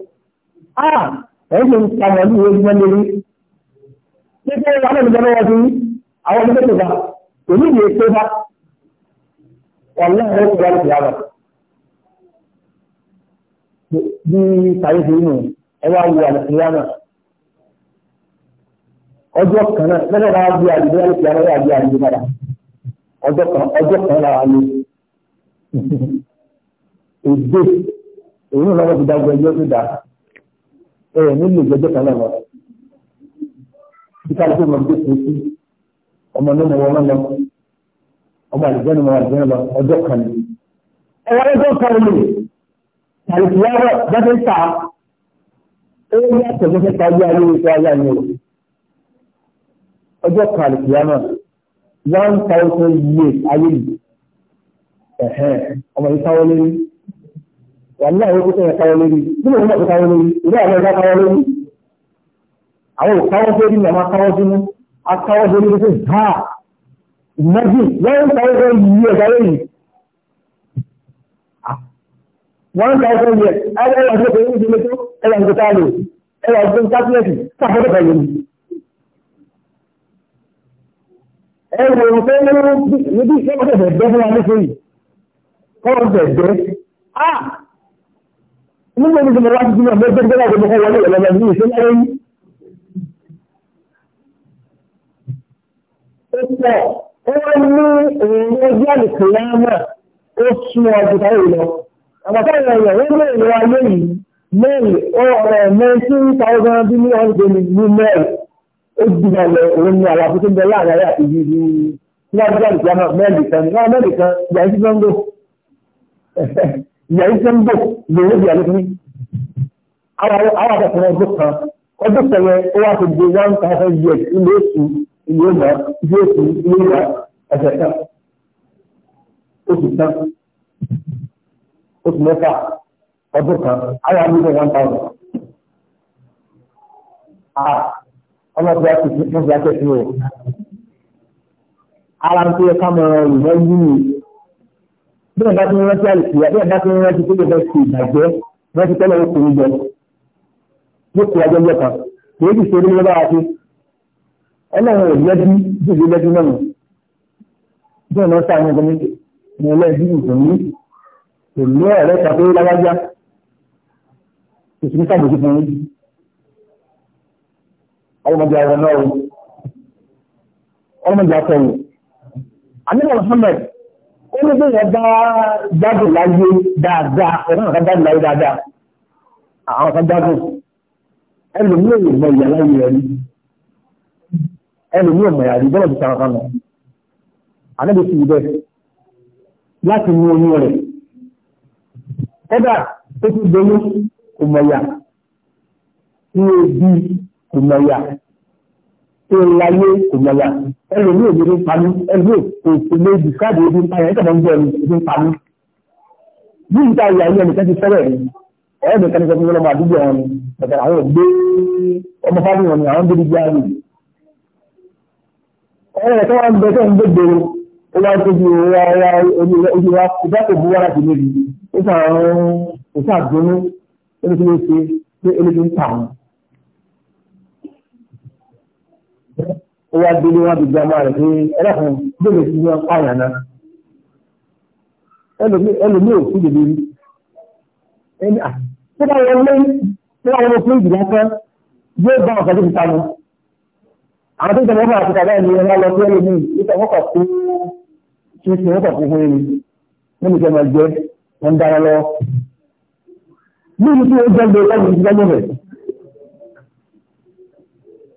ẹ̀yìn tó ń ta wọn ní ìwé ojúmọ́ lérí ní pé wọn náà nígbà lọ́wọ́ sí àwọn ọmọdé tó bá èmi ìwé tó bá ọ̀lẹ́rẹ́ tó bá ti àwọn bí sàyè fi nù ẹ wá wo àlùfíà náà ọjọ́ kan náà lọ́dọ̀ bá bí àdìgbò àlùfíà náà wà bí àdìgbò padà ọjọ́ kan ọjọ́ kan lára lé èdè èyí ló lọ́wọ́ ti dá gbọ́ ẹjọ́ tó dáa. ẹ̀rọ nílò ìgbẹ́jọ́ kan náà lọ. Bíkálí tó máa gbé fún sí ọmọ nínú wọn lọ, ọmọ àlùjẹ́nu ọmọ àlùjẹ́nu lọ, ọjọ́ kan ni. Ẹ̀rọ ọjọ́ kan ni ta ó àtẹ̀gbẹ́sẹ̀ ta one thousand years ayé yìí. Ọmọ yìí wàlúwà yóò kó sẹ́yìn káwọ́ lórí bí wọ́n mọ̀ káwọ́ lórí ìlú àwọn ẹ̀dá káwọ́ lórí àwọn òkáwọ́ sórí ni àwọn akáwọ́ sínú ní sẹ́yìn ha ìmọ̀jì ah! wọ́n káwọ́ sórí yìí ẹ̀dá lórí wọ́n káwọ́ sórí yẹ ẹ̀rọ ọ̀sẹ̀ tó ń ṣe lẹ́tọ́ ẹ̀rọ ọ̀sẹ̀ tá a lò ẹ̀rọ ọ̀sẹ̀ tábílẹ̀tì ah! sáfọ́dọ̀ pẹ̀lú ẹ̀rọ ọ̀sẹ̀ nígbà tí mo láti dúró bẹ́ẹ̀ bẹ́ẹ̀ láti mọ́kọ́ wọlé ìlọ́lọ́ ní ìṣẹ́ láyé yìí. ó pọ̀ ó ní èrè ọjọ́ àlùkìyámà ó sún ọdún táyé lọ. àbàtà ìrọ̀lẹ́ wọ́n ní èrè ayé yìí mẹ́rin ọ̀rọ̀ nineteen thousand bí ní ọ̀rọ̀ ìgbẹ́ni ní mẹ́rin ó dìgbà lọ òun ní àwọn àfikún bẹ láàrin ayé ìyá iṣẹ́ ń bò lórí ìyá ló ní àwọn àgbàkan ọdún kan ọdún tẹ̀lé ó wá fi di one thousand years ilé èsù ilé ìgbà ilé èsù ilé ìgbà ẹ̀sẹ̀ kan oṣù kan oṣù mẹ́fà ọdún kan àwọn àgbàkan one thousand ọlọ́pàá ti fi fún ìyá tẹ̀sí ara ń pè ká mọ ìwọ́n yìí bí wọn bá ti rántí àlùkìyà bí wọn bá ti rántí pé wọn ti ìbàjẹ́ wọn ti tẹ́lẹ̀ oṣù ń jẹ yóò kó ajọ lọ́kà kìí ti ṣe ní lọ́ba àti ọlọ́run ò lẹ́bí bí ìlú lẹ́bí náà bí wọn sá àwọn ọmọdé ní ẹlẹ́bí ìdùnnú kò ní ọ̀rẹ́ kàtó láwájá kò sí ní sàbòsí fún yín ọlọ́mọdé àwọn náà ọlọ́mọdé àtọ̀wò àníbọ̀ Muhammad inú bí yẹn bá gbádùn láyé dáadáa ọ̀rọ̀ àwọn gbádùn láyé dáadáa àwọn kan gbádùn ẹlòmíì ò mọ ìyá láyé rẹ rí ẹlòmíì ò mọ ìyá rí bọ́lá ti sara kan lọ àdébò sì bẹ láti mú oyún rẹ kódà tó ti dolú kò mọ ìyá tí ó bí kò mọ ìyá tó láyé kò lọ́yà ẹlò ní òbí ń pamí ẹlò kò sì lè dìkáàdì ebi ń pamí ẹ̀ kàmọ́ ń bọ̀ ebi ń pamí. bí ìta ìyá ilé ẹnìkan ti fẹ́rẹ̀ rí ọ̀rẹ́ mi kan ní sọ fún ọmọ àdúgbò wọn ni bàtà àwọn ògbé ọmọ fáwọn wọn ni àwọn débi gbá rí. ọ̀rẹ́ tó wọn bẹ tó ń gbégbé ó wá tóbi ìwà ojú wa ìjà kò bú wá láti níbi ó sàn án ó sàn àdúnú ó ní kí ló ṣe pé ó ní kí ń pa àwọn. ó wá délé wọn gbogbo ọmọ rẹ̀ pé ẹlẹ́kùn gbèrè sí wọn pààyàn náà ẹlòmí ò sí dèbè rí ẹni à tó bá wọn lé tó bá wọn fún ìdìbò kan yóò bá ọ̀sán tó ti ta wọn àwọn tó ń tẹ̀lé fún àtúntà báyìí ni wọn lọ sí ẹlòmí ìtọ́ wọn kọ̀ fún ṣe ṣe wọn kọ̀ fún fún ẹni wọn nìkan máa jẹ wọn dára lọ. bí tí wọn jẹ gbé ọgbà ìgbàgbọ́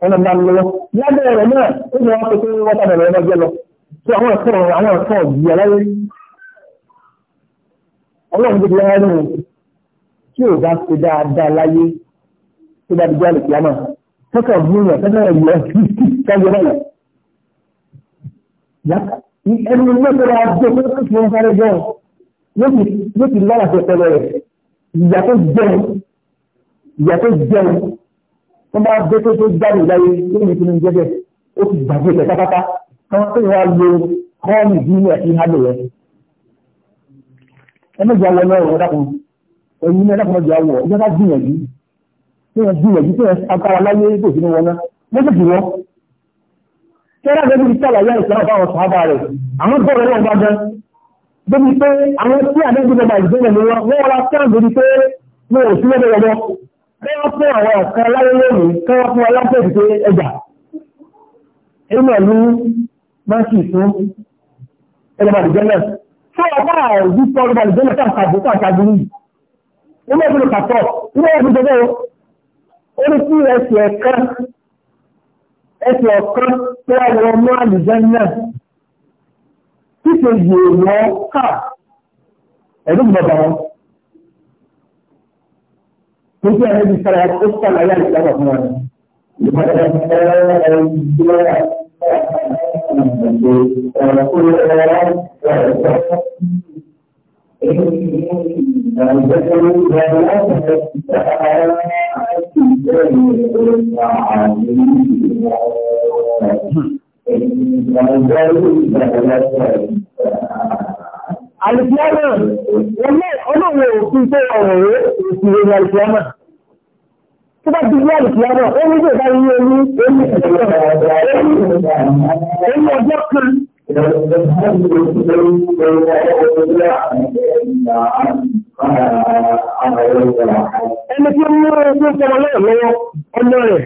ọ̀nà bá lọ́wọ́ lábẹ́ rẹ̀ náà ó ní wọ́n pẹ̀lú wọ́n tàbí ọ̀rọ̀ ẹgbẹ́ lọ tí àwọn ẹ̀kọ́ àwọn ẹ̀kọ́ yìí aláyé ọlọ́run tó ti láyé nù tí ò bá ṣe dáadáa láyé tó bá dìgbà lùkìá náà tọ́kà múlò tọ́kà ìlú kájọ náà ẹni ní mẹ́tọ́ la jẹ́ pé ó ti ń sáré jẹun ló ti lára fẹ́ pẹ́lẹ́ rẹ̀ ìyàtọ̀ jẹun ìyàtọ̀ jẹun tó bá dé tó tó jáde láyé lóyún tó ní jẹ́jẹ́ ó ti gbàgbé rẹ̀ pátápátá káwọn tó wá lo kọ́ọ̀mù ìdílé àti ìhálò rẹ̀. ẹ mẹ́jọ wọ lọ́rọ̀ ọ̀dàkùn ẹ̀yin náà dákùn mẹ́jọ wọ̀ ọjọ́ ká gbìyànjú tí wọ́n gbìyànjú tí wọ́n agbára láyé tó fi ní wọn náà wọ́n sì wọ́n. kẹ́rẹ́ bẹ́ẹ̀ bí sàlàyé ìṣẹ́ náà fáwọn sàábà rẹ̀ àwọn bọ̀rọ̀ náà bá gan. débi pé àwọn tí àdéhùn bẹ́ẹ̀ wọ́n fún àwọn ọ̀kan láyé lónìí kí wọ́n fún alápẹ̀jù pé ẹgbà ẹgbà ní mọ́sí fún ẹgbà àdìjẹ́nà fún ọgbà àìjú tó ọgbà àdìjẹ́nà tó àkàbò tó àkàbò yìí ó mọ̀ fún ìpàtọ́ ilé ẹgbẹ́ jẹjẹ o ó ní kí ẹsẹ̀ ẹ̀kan ẹsẹ̀ ọ̀kan tó wà wọ mọ́ àdìjẹ́nà títẹ̀ yìí wọ́n kà ẹ̀dùn gbọ̀gbọ̀ wọn. Nígbà yẹn ti sára ó sàlàyé àìsàn fún wa. Thank you. Àlùfíàmà, ọlọ́wọ̀ òfin tó ọ̀rọ̀ rẹ̀ òfin rẹ̀ àlùfíàmà. Tó bá ti gbé àlùfíàmà, ó ní ìgbà yí omi, ó ní ọjọ́ kan. Ẹni tí ó mú ọjọ́ ìjọba náà lọ́wọ́ ọmọ rẹ̀,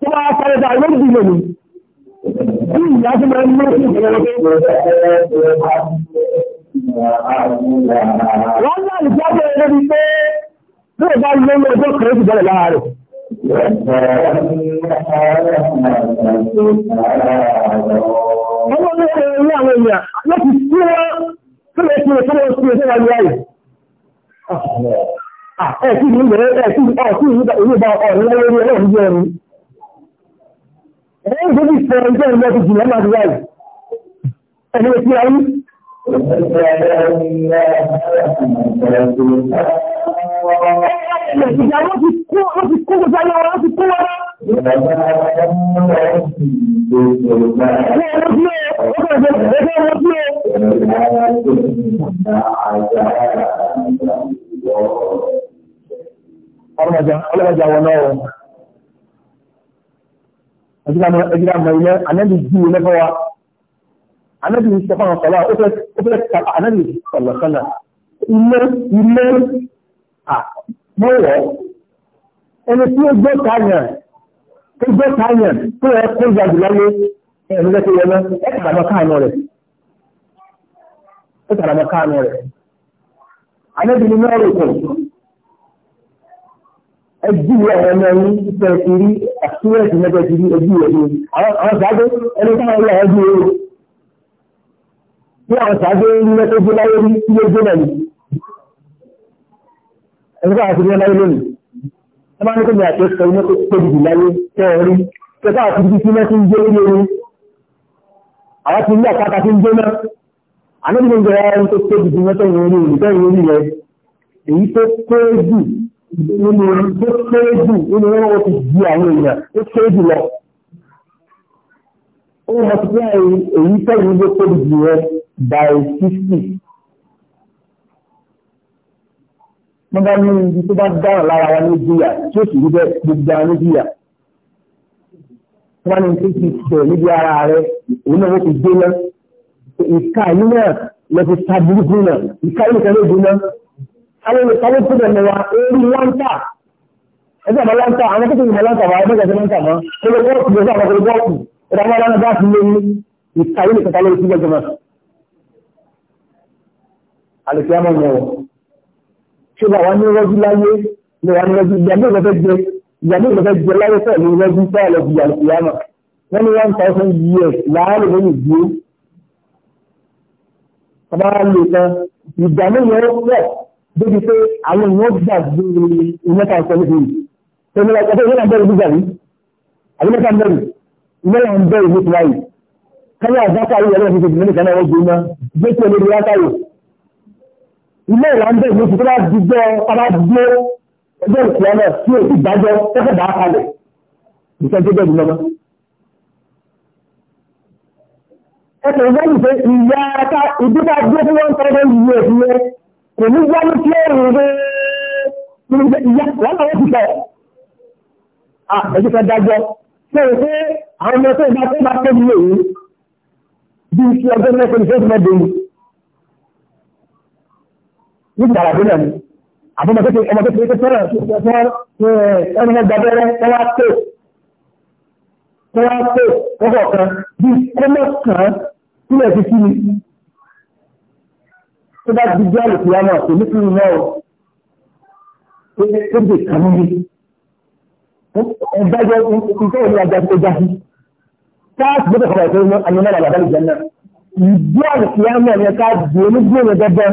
tó bá sáré dáa lórí ìdílé mi. Bí ìyá tó máa ń mú ìjọba náà Wọ́n ní àlùjáde lórí pé bí ó bá lé ọjọ́ kan oṣù bẹ̀rẹ̀ lára Ọmọ ní ọ̀rọ̀ ní àwọn èèyàn ló ti sí wọ́n tó lè fi ìṣẹ́ lọ sí ìṣẹ́ wáyé ayé. Ẹ̀kí ìlú bẹ̀rẹ̀ ẹ̀kí ọ̀kí ìlú bá ọ̀rọ̀ lọ́wọ́ orí ẹlẹ́rìí jẹ́ ẹ̀rú. Ẹ̀yìn tó bí ìṣẹ́ ẹ̀jẹ̀ ìlú ọ̀tún jùlọ máa ti wáyé. Ẹ̀yìn Ìyàwó ti kó wọ́n ti kó gbogbo ayé wọn ti kó wọn. Ọlọ́mọdé àwọn náà wọ̀. Ẹjíká mọ̀ ilé, ànẹ́bì jí ilé fún wa anabi mustapha ọ̀sọ̀lá ó fẹ́ ta anabi sọ̀lọ̀sọ̀lá ilé ilé àmọ́wọ́ ẹni tí ó gbé kanyàn tó gbé kanyàn tó yẹ kó yàgì lọ́lé ẹni lẹ́tọ̀ yẹn náà ẹ tàrà mọ́ káànù rẹ̀ ẹ tàrà mọ́ káànù rẹ̀ anabi ni mẹ́rin kò ẹjú àwọn ọmọ ẹni ìfẹ́ ti rí àkíyèsí mẹ́tẹ̀ẹ́ ti rí ẹjú ẹ̀dùn àwọn ṣáájú ẹni táwọn ọlọ́ọ̀ọ́dún ẹ̀rọ tí àwọn sàájú ń lé tó láyé rí tí ó gbé ẹgbẹ́ àti ìgbé láyé lónìí ẹ máa ní àti ẹsẹ̀ iná tó tóbi jù láyé tẹ́ ẹ àti ibi tí iná ń gbé lórí àwọn ti ní àpáta ti ń gbé àníbi ní ìjọba tó tó kéré jù nínú tó ó mọ̀ sí pé èyí tẹ́yìn ló tóbi jù rẹ by sixty. wọ́n bá ní ibi tó bá dáhùn lára wa ní jìyà tí ó sì rí bẹ́ẹ̀ gbogbo àwọn ní jìyà. wọ́n ní kí n ti bẹ̀rẹ̀ níbi ara rẹ̀ òun náà wọ́n ti gbé náà. ìka yìí náà lọ fi ta burúkú náà ìka yìí nìkan ló dùn náà. àwọn olùkọ́ tó bẹ̀rẹ̀ wa orí láńtà ẹgbẹ́ àmọ́ láńtà àwọn tó bẹ̀rẹ̀ láńtà wa ẹgbẹ́ àti láńtà mọ́ kólógọ́ọ̀tù lọ́sọ̀ àwọn kólógọ́ọ̀tù ẹ̀dá àlùkìyàmọ̀ mọ̀ ọ́ ṣé bá wà ní rọ́jú láyé ní wà ní rọ́jú ìyàmí ìlọ́fẹ́ jẹ ìyàmí ìlọ́fẹ́ jẹ láyé fẹ́ ní rọ́jú fẹ́ lọ sí àlùkìyàmọ̀ wọ́n ní one thousand years láàárọ̀ lórí ìdí ọba lè tán ìdààmú yẹn pọ̀ débi pé àwọn èèyàn gbàgbé ìmẹ́ta ọ̀sẹ̀ níbi yìí tó ní ọjọ́ ìyẹn àbẹ̀rẹ̀ gbígbà yìí àbímẹ́ta ń bẹ̀rù ìmẹ́ta ń bẹ̀rù nípa yìí káyọ̀ àgbákà yìí ẹ̀rọ ìfẹ̀sẹ̀ ìmẹ́ta náà wọ́n gbé iná gbé tí olórí wákàyè ilé ìlànà ìlú ti tọ́lá dídọ́ tọ́lá dídọ́ ẹgbẹ́ ìkìlá náà tí èsì ìdájọ́ tẹ́fẹ̀ dá kalẹ̀ nǹkan tó bẹ̀rù lọ́mọ. ẹsẹ̀ ìwé ìṣe ìyá ata ìdíbà dúró fún wọn tọ́lá bẹ́ẹ̀ yìí èsì yẹn kò ní wá ní tí ó rìn rẹ̀ nínú ìṣe ìyá wọn náà ó ti bẹ̀. a ẹjọ́ kan dájọ́ ṣé o pé àwọn ọmọ tó ìgbà tó bá tẹ́lẹ̀ yìí bí iṣẹ́ ọjọ́ mẹ́sàn-án ní ìdàràdé náà ni àbọ̀mọ tó ọmọ tó tó fẹ́rẹ̀ ẹni wọn gbàgbẹ́rẹ́ wọn wá tó wọn wá tó ọkọ̀ kan bí kọ́mọ̀ kan sílẹ̀ ti kí ni tó bá di jọ́ọ̀lù tí wọ́n náà kò ní kúrú náà ó dé kàmú mi ọ̀dájọ́ nǹkan òní ajá tó já sí káàsì gbọ́dọ̀ kọ̀ọ̀kan ìṣòro àmì náà làbàdàn ìjẹun náà ìjọ́ọ̀lù tí wọ́n náà ni ká di onígbòmọ̀ dandan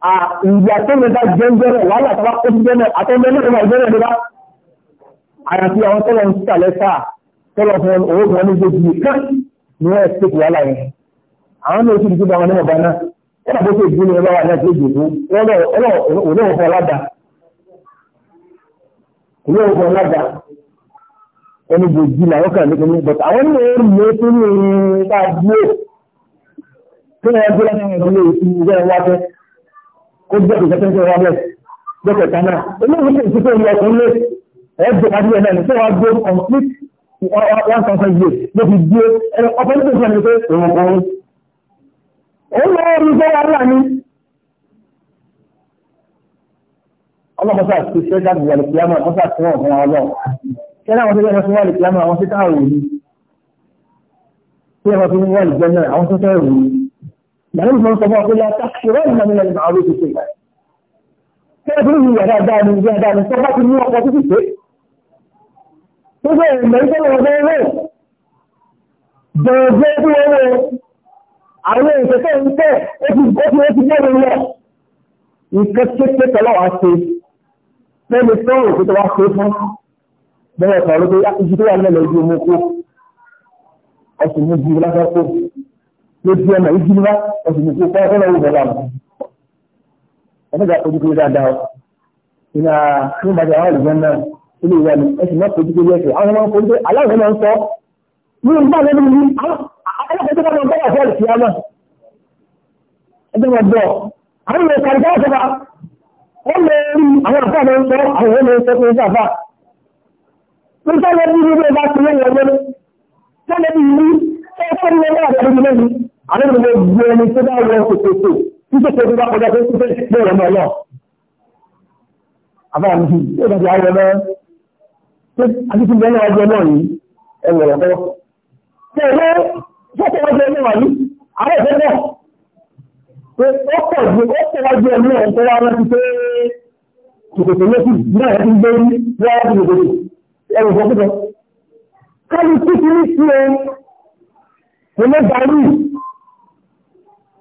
ìgbà tó mẹ́ta jẹ́jẹ́rẹ̀ wàhálà tàbá kó ti jẹ́rẹ̀ àtọ́mẹ́lẹ́ ìwà ìjẹ́rẹ̀ nípa àyàfi àwọn tọ́lọ̀ ń síta lẹ́sà tọ́lọ̀ fún owó kan ní gbogbo nìkan ní wọ́n ṣe kù wàhálà yẹn àwọn náà ṣùgbọ́n gbogbo àwọn onímọ̀ bá náà wọ́n náà bó ṣe ìdílé wọn bá wà náà ṣe gbogbo olóòwò fún ọlága olóòwò fún ọlága ẹni gbòógì làwọn kan lókè ní bọ̀tà àwọn náà ń lé fún mi ká dúró kí wọ́n dúró láti kó jẹ́ ìjẹ́kẹ́kẹ́ wa lẹ̀ lọ́kẹ̀ kanáà olóòwò ṣe ìṣẹ́kẹ́ ìlú ọkùnrin lé ẹ̀ẹ́dẹ̀ adúlé náà ní kí wọ́n gbé complete one thousand years ló fi gbé ọkùnrin tó sọ̀rọ̀ pé òun òun òun lọ́wọ́ rí fẹ́ wa rà ní. ọlọ́mọsá ti ṣe dáàbò wà lùkìá máa wọ́n sàtún wọn fún wa lọ. kí ẹ̀rọ àwọn tó yẹ wọ́n ti wà lùkìá máa wọ́n ti táwọn òun. kí wọ́n wà lùkìá máa wọ́n ti táwọn ìyàrá ìfọwọ́ sọ fún akọ́lá táṣírọ́ ìlànà ìlànà ìlànà àwọn òṣìṣẹ́ ìgbà tẹ́lẹ̀ tó ní ìyàrá dáadáa ní dáadáa ní sọ́kà ti ní ọkọ̀ títí pé tó bẹ́ẹ̀ mẹ́rin tó wọ́n bẹ́ẹ̀ rẹ̀ bẹ̀rẹ̀ tó wọ́n rẹ̀ àwọn ìṣẹ̀fẹ́ ń tẹ̀ ó ti bẹ́ẹ̀ ti bẹ́ẹ̀ rẹ̀ nǹkan kékeré tọ́lọ́ wá ṣe lẹ́nu tó rò ló di ọmọ yìí jìnnìbá ọ̀sùn nìkú kọ́ ọ̀rọ̀ òwò bẹ̀rẹ̀ àwọn. ẹ̀mẹ́ta ojúkúrú dáadáa ọ ìnà fún bàtà àwọn olùgbọ́n náà ilé ìwà ni ẹ̀sìn náà ojúkúrú ẹ̀sìn àwọn ọmọ ojúkúrú aláwọ̀ náà ń sọ ní ìgbà lẹ́nu ní alákòókò náà bẹ́ẹ̀ bọ́ọ̀lù sí ọmọ ẹgbẹ́ wọn bọ̀ àwọn ìwé kàrí káwọ́ sọ́ba wọ́n lè rí àwọn àfáà náà ń sọ àwọn ìwé náà ń sọ fún ìfàfà ní sọ́lẹ̀ bí ilé bá ti lé wọn lé sọ́lẹ̀ bí ilé sọ́lẹ̀ bí ilé bá ti lé wọn lé àlẹ́ mi lè gbé ẹni tó bá wọ kòtòkò tí kòtò tó bá kọjá tó tó fẹ́ pé ọ̀rọ̀ náà lọ. àbáyé mi yóò dájú ayọ̀ náà tó àtúntò bẹ́ẹ̀ náà ọjọ́ náà yìí ẹ wọ̀rọ̀ bọ́. tẹ̀lé sọ́kọ̀ ọjọ́ náà ní àwọn ìfẹ́ náà wá rántí pé kòtòkò lókù náà ti gbé ní sí ẹ kò lè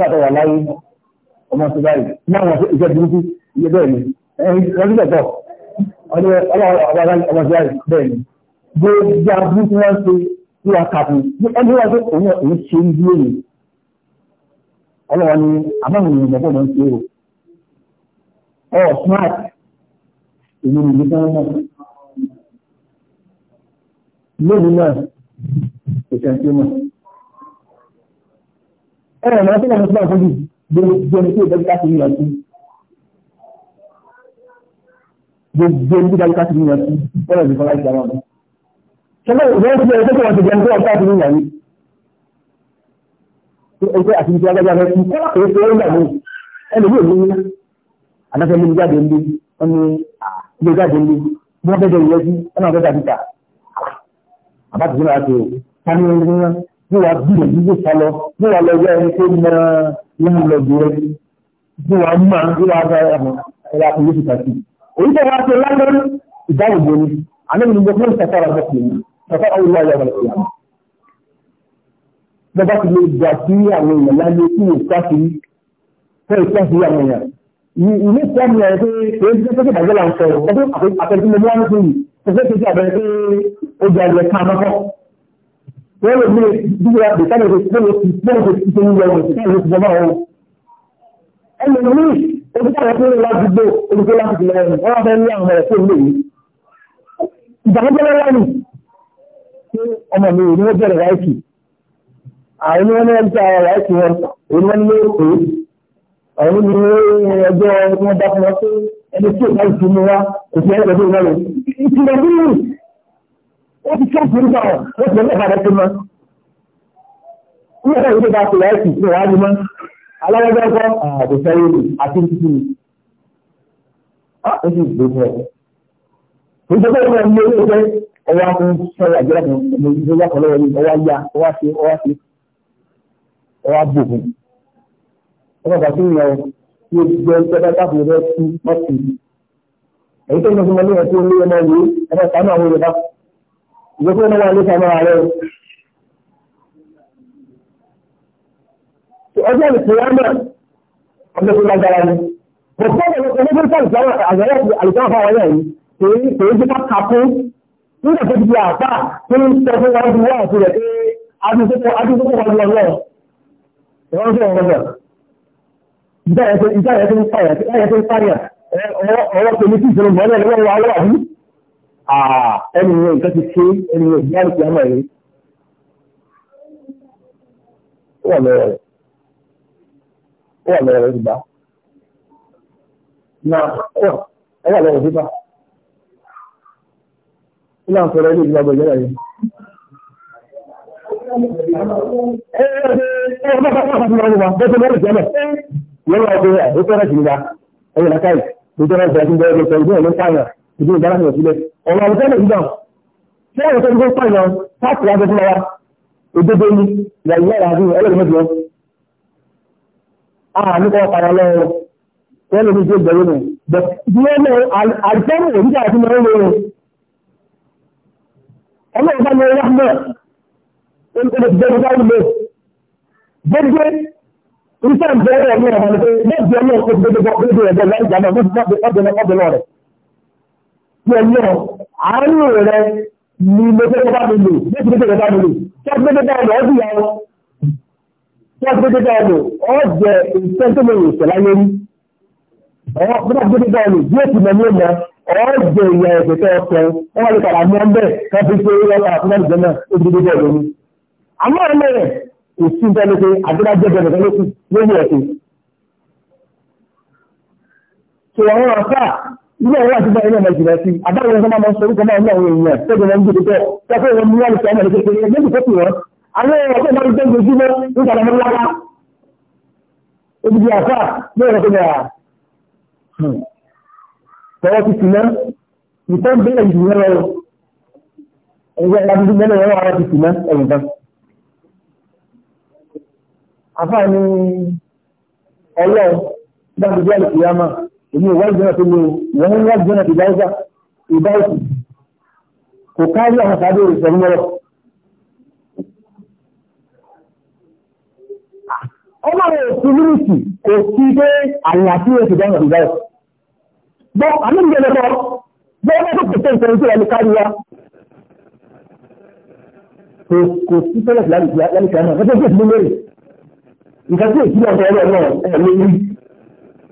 gbàtọ̀ wà láyé ọmọ tó báyìí náà wọ́n ìjọ burúkú iye bẹ́ẹ̀ ni ẹni tó tọ̀ ọmọ tó báyìí bẹ́ẹ̀ ni gbogbo abúlé tí ṣe tí wọ́n kàkú ẹni wọ́n ṣe òun òun ṣe ń dúró ni ọlọ́wọ́ ni àbáwọn ènìyàn mọ̀kọ́ máa ń ṣe o ọ smart èmi nìyí kan náà lónìí náà kò sẹ́ńtì náà ẹ̀rọ ìmọ̀ tí wọ́n ti bá fojú gbogbo ẹni tí ìdájú láti yíyan sí gbogbo ẹni tí ìdájú láti yíyan sí bọ́lá ìdíkan láti yàrá ọ̀dọ́. ṣọlá ìwé ti ẹni tó wọ́n ti jẹun tó wọ́n láti yíyan ní. ẹgbẹ́ o ìdíjẹ́ agbájá rẹ̀ ń kọ́ èyí tó ń gbà mí ẹni yóò ní àdáfẹ́ mi jáde ń lé wọ́n ní ilé jáde ń lé bí wọ́n fẹ́ jẹ ìrẹsì wọ́n náà fẹ́ bí wàá bí òyìnbó sálọ bí wàá lọ wá ẹni tó mọ ìlú lọ́dún rẹ bí wàá mọ bí wàá bá ẹ̀hún ẹ̀rọ àkùnrin ti kàkí. Òyìn tó wàá ṣe lálẹ́ ìdáàbòbò ni àlejò ní gbogbo ìṣẹ̀fọ́ ara rẹ̀ pè é ṣẹ̀fọ́ ọ̀hún láyé ọ̀rẹ́ ìyá. Bí wọ́n ti lè gbà sí àwọn èèyàn lálẹ́ kí wọ́n sáfì fẹ́ ìṣẹ́fì àwọn èèyàn. Ilé ìṣẹ́mi pé èyí tó tẹ́tẹ́ bàjẹ́ là ń sọ wọ́n lè gbé dúró àti sáré lè fi lè fi lè fi ṣe ń yọ ọ̀rọ̀ sí ìlú ìjọba ọ̀hún. ẹnì ní ojú tó ń lọ àdúgbò olùkọ́ láti fi lọ́wọ́ wọn wá fẹ́ ní àwọn ọ̀rẹ́ tó ń lè yí. ìjàmọ́jọ́ lọ́wọ́ ni ṣé ọmọ mi ò ní wọ́n bẹ̀rẹ̀ ráìkì àwọn ni wọ́n ní ara ráìkì wọn èyí ní èkó àwọn ni ẹjọ́ wọn ó ti ṣọ́ọ̀ṣì ń bá wọn wọ́n ti lọ́ọ́ fàdé sí mọ́. Nígbà yìí ló bá pèlè ẹ̀sìn ní wàá ní mọ́. Aláwọ̀dọ́ kọ́ ààbò sẹ́yìn àti títí ni. Á ó sì gbé mọ́ ẹ̀. Ìjọba ìwé ẹ̀ ń lé ẹgbẹ́ ọwọ́ àwọn sọ̀rọ̀ àjẹ́rẹ́ kan ọmọ ìjọba ìjọba kan lọ́wọ́ yìí ọwọ́ ya ọwọ́ ṣe ọwọ́ ṣe ọwọ́ gbòògùn. Ọmọ ìgbà tí ìyàwó tí o gbẹ ìjọba táàbù rẹ̀ sí mọ́tì. Èyí tó ń lọ sí ọmọ ilé ẹ̀ tó ń lé ọmọ yìí ẹ̀ ìgbésẹ̀ náà wà ní sàmà rẹ̀. ọjọ́ ìsìlámà ọjọ́ tó lágbára ni kò ọmọdé tó ìsìlámà àgbẹ̀rẹ̀ àlùkò àwọn ọ̀rẹ́ yìí èyí èyí ti ká kakú nígbà tó ti di àpá tó ń sọ fún wọn ju wáàtí rẹ̀ pé adúgbò adúgbò wọn lọ lọ ìwọ́n fẹ́ wọn lọ. ìjà yẹn ti ń pààyà ọwọ́ pẹ̀lú tí ìṣòro mọ́lẹ̀ lọ́wọ́ wa wà ní ẹni yẹn nǹkan ti ṣe ẹni yẹn ìyá ìpè àmọ́ rẹ̀ ó wà lọ́wọ́ rẹ̀ ó wà lọ́wọ́ rẹ̀ gbà náà ó wà lọ́wọ́ rẹ̀ gbà kí náà sọ̀rọ̀ ilé ìgbàgbọ́ ìjọba yẹn. Ẹ ẹ ẹ ẹ bá bá bá bá bá bá bá bá bá bá yẹ́n wá gbé ẹ̀ ó fẹ́ràn jìnnà ẹ̀yìn àkáyì tó tẹ́lẹ̀ ìgbà tó ń bẹ́ẹ̀ lọ́sọ̀rọ̀ ìdí ẹ̀ ló ń pààyàn ìdí ìgbà láti ìrọ̀sílẹ̀ ọ̀rọ̀ àwọn tẹ́lẹ̀ ìgbà tí àwọn tẹ́lẹ̀ tó pààyàn láti wájọ fún wa òdodo ni ìyàwó ara àbí ẹlẹ́rìí mẹ́jọ àà nípa ọ̀pára lọ́wọ́ tẹ́lẹ̀ ní ìjọba yìí nù bẹ̀rẹ̀ ní àìsàn òní àti mẹ́rin lóore ọlọ́run bá ní ọlá náà ó lè bẹ́ẹ̀ bá wù lé gbẹ́gbẹ́ iṣẹ́ ìbẹ̀rẹ̀ ọ̀gbìn ọ̀gbìn ọ̀gbìn ọ̀gbìn ọ̀gbìn ọ̀gbìn ọ̀gbìn ọ̀gbìn ọ̀gbìn ọ̀gbìn ọ̀gbìn ọ̀gbìn pé ọlọ́ àánú rẹ ni mo fẹ́ kọ́ bá mi lò bí ti kọ́ bá mi lò kí ọdún tó dáa lọ ọdún yà wọ kí ọdún tó dáa lọ ọjẹ ìfẹ́ tó lè rìn sẹ̀lá lórí ọ̀ bí ọdún tó dáa lọ bí èsì mọ̀ ní ọmọ ọjẹ ìyá ẹ̀sẹ̀ tó ọkọ̀ wọn wà lè kàrà mọ́ ọ́n bẹ́ẹ̀ kí wọ́n fi ṣe ìwọ́n kàrà fún ọdún náà ó dúdú bẹ́ẹ̀ lórí. àmọ́ ọmọ rẹ̀ èsì ń tẹ́lẹ̀ pé àdúrà jẹ́ bẹ̀rẹ̀ lórí ẹ̀sìn ilé ẹ̀rọ àti bá ilé ọmọ ìjìnlẹ̀ sí àbáwọn ọmọ ọmọ sọ orúkọ máa ń láwọn èèyàn tẹ́jọ wọn gbé púpọ̀ tẹ́kọ̀ wọn ní wọn sọ ọmọ ìjìnlẹ̀ kékeré méjì tó pè wọn àwọn ọmọ ọmọ ìjìnlẹ̀ tó gbèjú mọ́ ní ìjàdá mọ́ lára odidi àfà ní ọ̀rọ̀ tó yàrá tọwọ́ ti tìmọ́ ìtọ́ bẹ́ẹ̀ jù lọ ẹgbẹ́ ìlànà mẹ́lẹ̀ ẹ̀rọ ara ti tìmọ́ ẹ̀rù kan àfà ni ọlọ́ọ̀ èmi ò wáyé jẹ́nà tó lé o wọ́n ń wáyé jẹ́nà ìdáwọ́sá ìdáwọ́sì kò kárí àwọn sábẹ́ òṣèlú mọ́rọ̀. ọmọ rẹ̀ ti mínísì kò sí pé àwọn àfihàn ti dáhùn ìdáwọ̀. bọ́ àmì ìjẹ́ lọ́kọ́ bọ́ ọmọ tó pèsè ìṣẹ̀lẹ̀ tó yẹ kárí wa. kò sí sọ́lẹ̀ lálẹ́ ìṣẹ̀lẹ̀ náà wọ́n tó pèsè lórí nǹkan tí èyí náà fẹ́ ọ̀rọ̀ náà ẹ̀ lórí.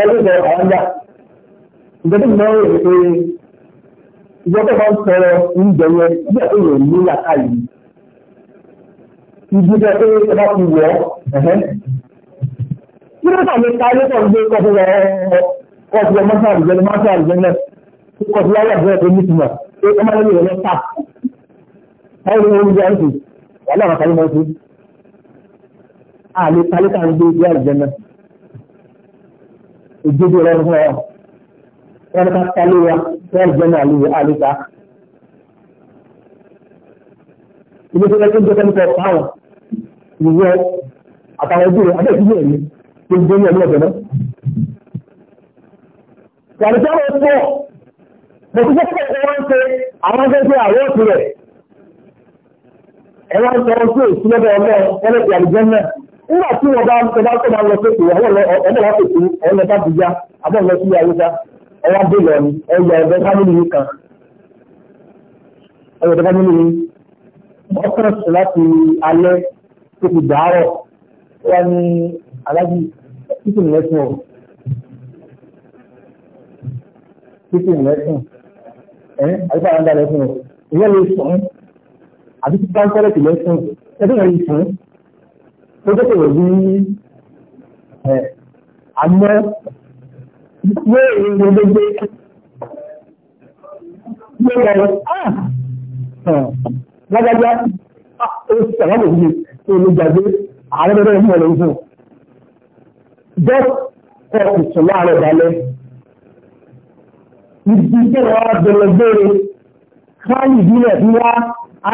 ẹlẹ́gbẹ̀ ọ̀gá ìjọba ìmọ̀ rẹ̀ pé ìjọba bá ń sọ̀rọ̀ oúnjẹ yẹn bí ẹ̀kọ́ yẹn ní làkà yìí ìdí bẹ́ẹ̀ pé ẹ bá ti wọ̀ ọ́ kí ló tàbí ká ló tàbí gbé kọ́sí lọ kọ́sí lọ mọ́tò àlùjẹ́ ní mọ́tò àlùjẹ́ náà kọ́sí lọ́wọ́ àbúrò tó ní ìtumọ̀ pé ọmọ ilé rẹ̀ lọ́ta ẹ̀rọ oúnjẹ àìsàn wàhálà àwọn àtàlùmọ̀ sí àlè ń gbé ìdí àlùjẹ́ náà òjòjò rẹ̀ fún ọ. Wọ́n ká kálé wa, wọ́n jẹ́ náà lè àlùkà. Ilé tó lẹ́kọ̀ọ́ jẹ́kọ́ nípa ọ̀pá wọn, ìwọ àtàwọn ẹgbẹ́ rẹ̀, àbẹ́ ìdílé ẹ̀mí, tó ń gbé ní ẹ̀mí ọ̀dọ̀ náà. Yàrá ìjọba ó pọ̀, mo ti fẹ́ kọ́ wọn ṣe àwọn akẹ́kọ̀ọ́ àwọn òkú rẹ̀. Ẹ̀rọ ń sọ ohun tí ò nígbà tí wọ́n bá tọ́ba tọ́ba lọ sí ìwà ọmọ ọmọ ọ̀sẹ̀ ọmọ ọba bìyà àbọ̀ lọ sí ayéta ọwọ́ dé lọ ní ẹ̀yà ẹ̀bẹ̀ fámìlì yìí kan ẹ̀yà ẹ̀bẹ̀ fámìlì yìí ọkùnrin sùn láti alẹ́ tó ti dàárọ̀ wọ́n ní aláàjì títí nìlẹ́sìn ọ̀ títí nìlẹ́sìn ẹ̀ àyíká àyíká lẹ́sìn ọ̀ ìyá lè sùn àbí títí bá ń tọ́lẹ̀ tì lẹ́sìn ẹ̀ tó tó kò rí ẹ̀ àmọ́ yóò rí gbogbo yóò lọ ó ah! ah! sọ̀rọ̀ lè fi tó lè gbàgbé ààrẹ bẹ́rẹ̀ mú ìfún bẹ́ẹ̀ kọ́ ìsùn láàárọ̀ dalẹ́ ibi tí wọ́n bẹ̀rẹ̀ bẹ̀rẹ̀ káàlì ìbílẹ̀ ń wá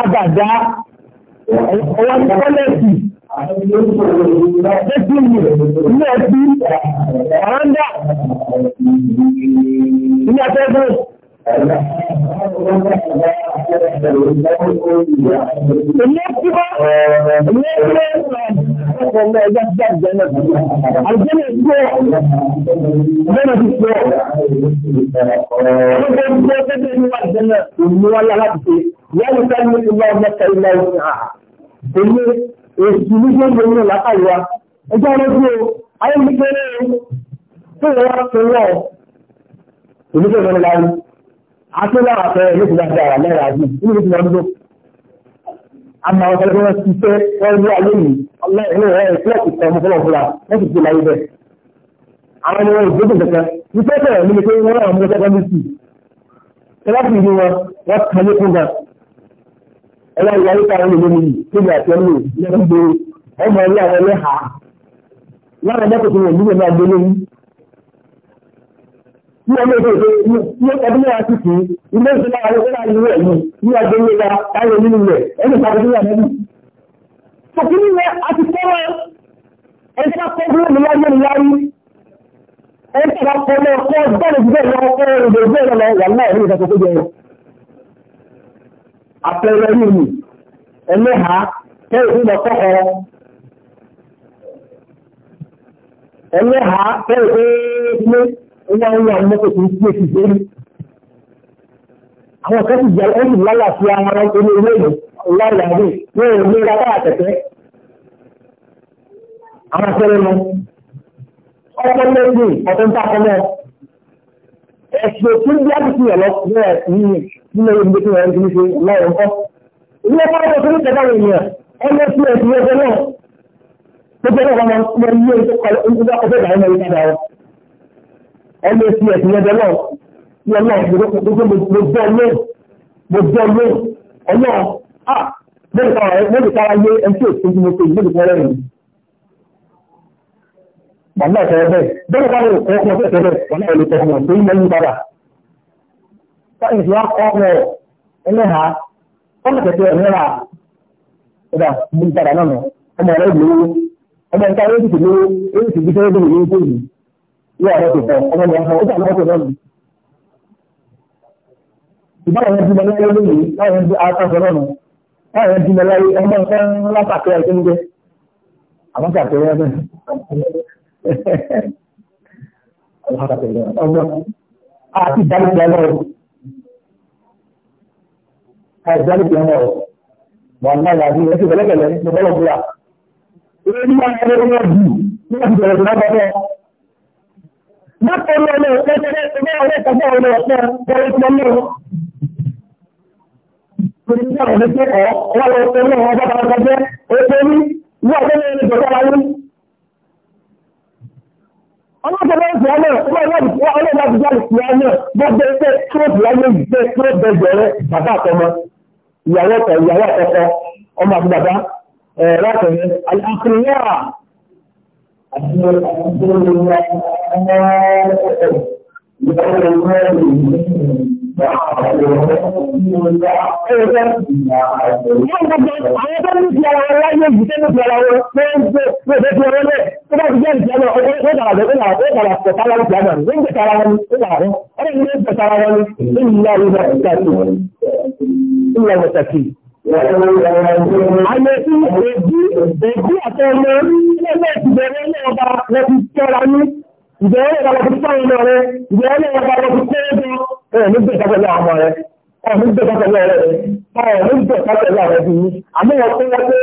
àgàdá ọwọ́ Ilé ẹbí, ọ̀rọ̀ndà, ilé ẹgbẹ́gbẹ́. Ilé ẹgbẹ́, ilé ẹgbẹ́, ọ̀rọ̀ ẹgbẹ́ jáde náà. Àjẹ́lẹ̀ gbọ́, ọ̀rọ̀ ti gbọ́. Ọ̀rọ̀ gbọ́ tẹ́tẹ́ ní wà jẹ́ náà, ìmú wa lára ti ṣe. Yẹ́nu ká ní ìlú ọmọ èsì ní ṣe ń bẹ nínú látàlúwa ẹjọ́ ọlọ́dún o ayé mi kéré o tó ìwọ wá tó wọ̀ èmi tó ìwọ́n láyé àti lára fẹ́ ẹ̀mí ti dáadáa wà lẹ́yìn àbí inú mi ti wọ́n dúró àmà àwọn ọ̀sẹ̀ wọn ti fẹ́ wọ́n ní ayé mi ọlọ́run rẹ̀ ìpínlẹ̀ ti tẹ̀ ọmọ fúnra wọ́n ti fi láyé bẹ́ẹ̀ àwọn ọmọ ìgbésẹ̀ kẹ̀kẹ́ ìfẹ́ tẹ̀ ẹ̀mí pé wọ́n náà mú sẹ́kọ́ndì sí ẹ ọlọ́run yàrá ìta ẹni lórí níbi àti ẹni lẹ́gbẹ̀ẹ́ ọmọ ẹ̀rí àwọn ẹlẹ́hà lára ẹ̀dẹ́kọ̀ tó wọ̀n nígbà náà gbé lórí. Ní ọmọ èdè èdè ní ọdún mẹ́wàá sì kì í, ilé ìṣẹ́ lára ẹgbẹ́ láàrin ìwé ẹ̀yìn ní ọjọ́ ilé wa láàrin nínú rẹ̀ ẹni ìpàdé wà nínú. Tòkí ní rẹ̀ a ti kọ́ra ẹni bá kọ́ dúró níwájú ẹni láyé. Ẹni bá kọ́ lọ kọ́ bẹ́ẹ̀ àpẹẹrẹ nínú ẹlẹ́ha tẹ́rù lọ kọ́kọ́ ẹlẹ́ha tẹ́rù pé ilé ìwọ̀n ìwọ̀n mọ́kò tó ń pè sí sórí àwọn kan sì jẹ́ ẹ̀sùn lálàáfíà ara ilé ilé ìlàlàáfíà ní ẹ̀sìn òkú bí àdìsí yẹn lọ bẹ́ẹ̀ ní nínú ìdílé tí wọ́n ń ṣe láyé ńkọ́. ilé ẹ̀kọ́ ọ̀dọ̀ tó ní kẹta rẹ̀ yẹn ẹ̀yẹ sí ẹ̀sìn ẹ̀sẹ̀ náà tó jẹ́ náà wọ́n mọ ilé ìtọ́kọ̀ ọ̀fẹ́ ìdáyé náà yíká dáwọ́. ẹ̀yẹ sí ẹ̀sìn ẹ̀sẹ̀ náà yẹn náà mo wàhálà ìtọ́wọ́ bẹ́ẹ̀ bẹ́ẹ̀ bá lè kọ́ ọkọ̀ bẹ́ẹ̀ bẹ́ẹ̀ wàhálà ìlú tọ́kọ̀ mọ̀ tó ń lẹ́yìn padà sáyẹ̀nsì wa kọ́ ọ̀rọ̀ ẹlẹ́ha ọmọ tẹ̀tẹ̀ ẹ̀mẹ́ra ẹ̀dà mú padà náà nù ọmọ ẹ̀rọ ìlú ọmọ nǹkan ẹ̀rọ ìdìbò ẹ̀rọ ìdìbò tẹ́lẹ̀ bẹ̀rẹ̀ ní ìlú ìlú yóò ọ̀rọ̀ tó fọ́ ọmọ ìlú ọmọ ọjà lọ́wọ́ tó náà nù. ìbáwọn ẹni bímọ láyé lónìí láwọn ẹni akásọ náà nù láwọn ẹni bímọ láyé ọmọ nǹkan látàkẹ́ ẹ̀kẹ́ ń jẹ àwọn kàkẹ́ ẹ̀rọ ọgbọ́n àti ìdánilẹ̀ lọ́wọ́ àìdánilẹ̀ lọ́wọ́ wọn náà yà ní ẹsẹ̀ pẹ̀lẹ́pẹ̀lẹ́ ní ọgbọ́n gbúra ilé ní wọn ẹgbẹ́ wọn jù ní wọn bẹ̀rẹ̀ tó lọ́gbọ́n àwọn ọ̀rẹ́ ọlọ́dọ̀lọ́dọ̀ ti ọlọ́ ọlọ́dọ̀lọ́dọ̀ ti ọlọ́ gbogbo ẹgbẹ́ kúròtù ayé ìgbé kúròtù ẹgbẹ̀rẹ́ bàbá àtọmọ ìyàwó ọ̀tọ̀ ìyàwó àtọkọ ọmọ àti bàbá ẹ̀rọ̀kùnrin alákùnrinyàrá àti ọmọ ọmọ ọmọ Àwọn tó ní ti ara láyé ìgbìtẹ́ ní ìjọra wọn pé ń gbé pé fi ọwọ́ lẹ̀ tó bá ti jẹ́ ìjọba ọkọ̀ ó dàrà bẹ̀rẹ̀ náà ó dàrà pẹ̀ta láwọn ti àgbà ní gbẹ̀ta ara wọn ní ó dàrà wọn. Ọ̀rẹ́ ilé ìgbẹ̀ta ara wọn ní ìlú àrùn ìgbàtí. Ìlú àrùn ìgbàtí. Àyẹ̀ sí ẹbí ẹbí àtọ́mọ ilé ìbẹ̀rẹ̀ ilé ọba lọ fi ẹ̀ ní gbé ìtàkùn àwọn ọmọ rẹ ọ̀ ní gbé ìtàkùn ọ̀rẹ́ rẹ ọ̀ ní gbé ìtàkùn ọ̀rẹ́ bí i àmì wọn tó wọ́n pé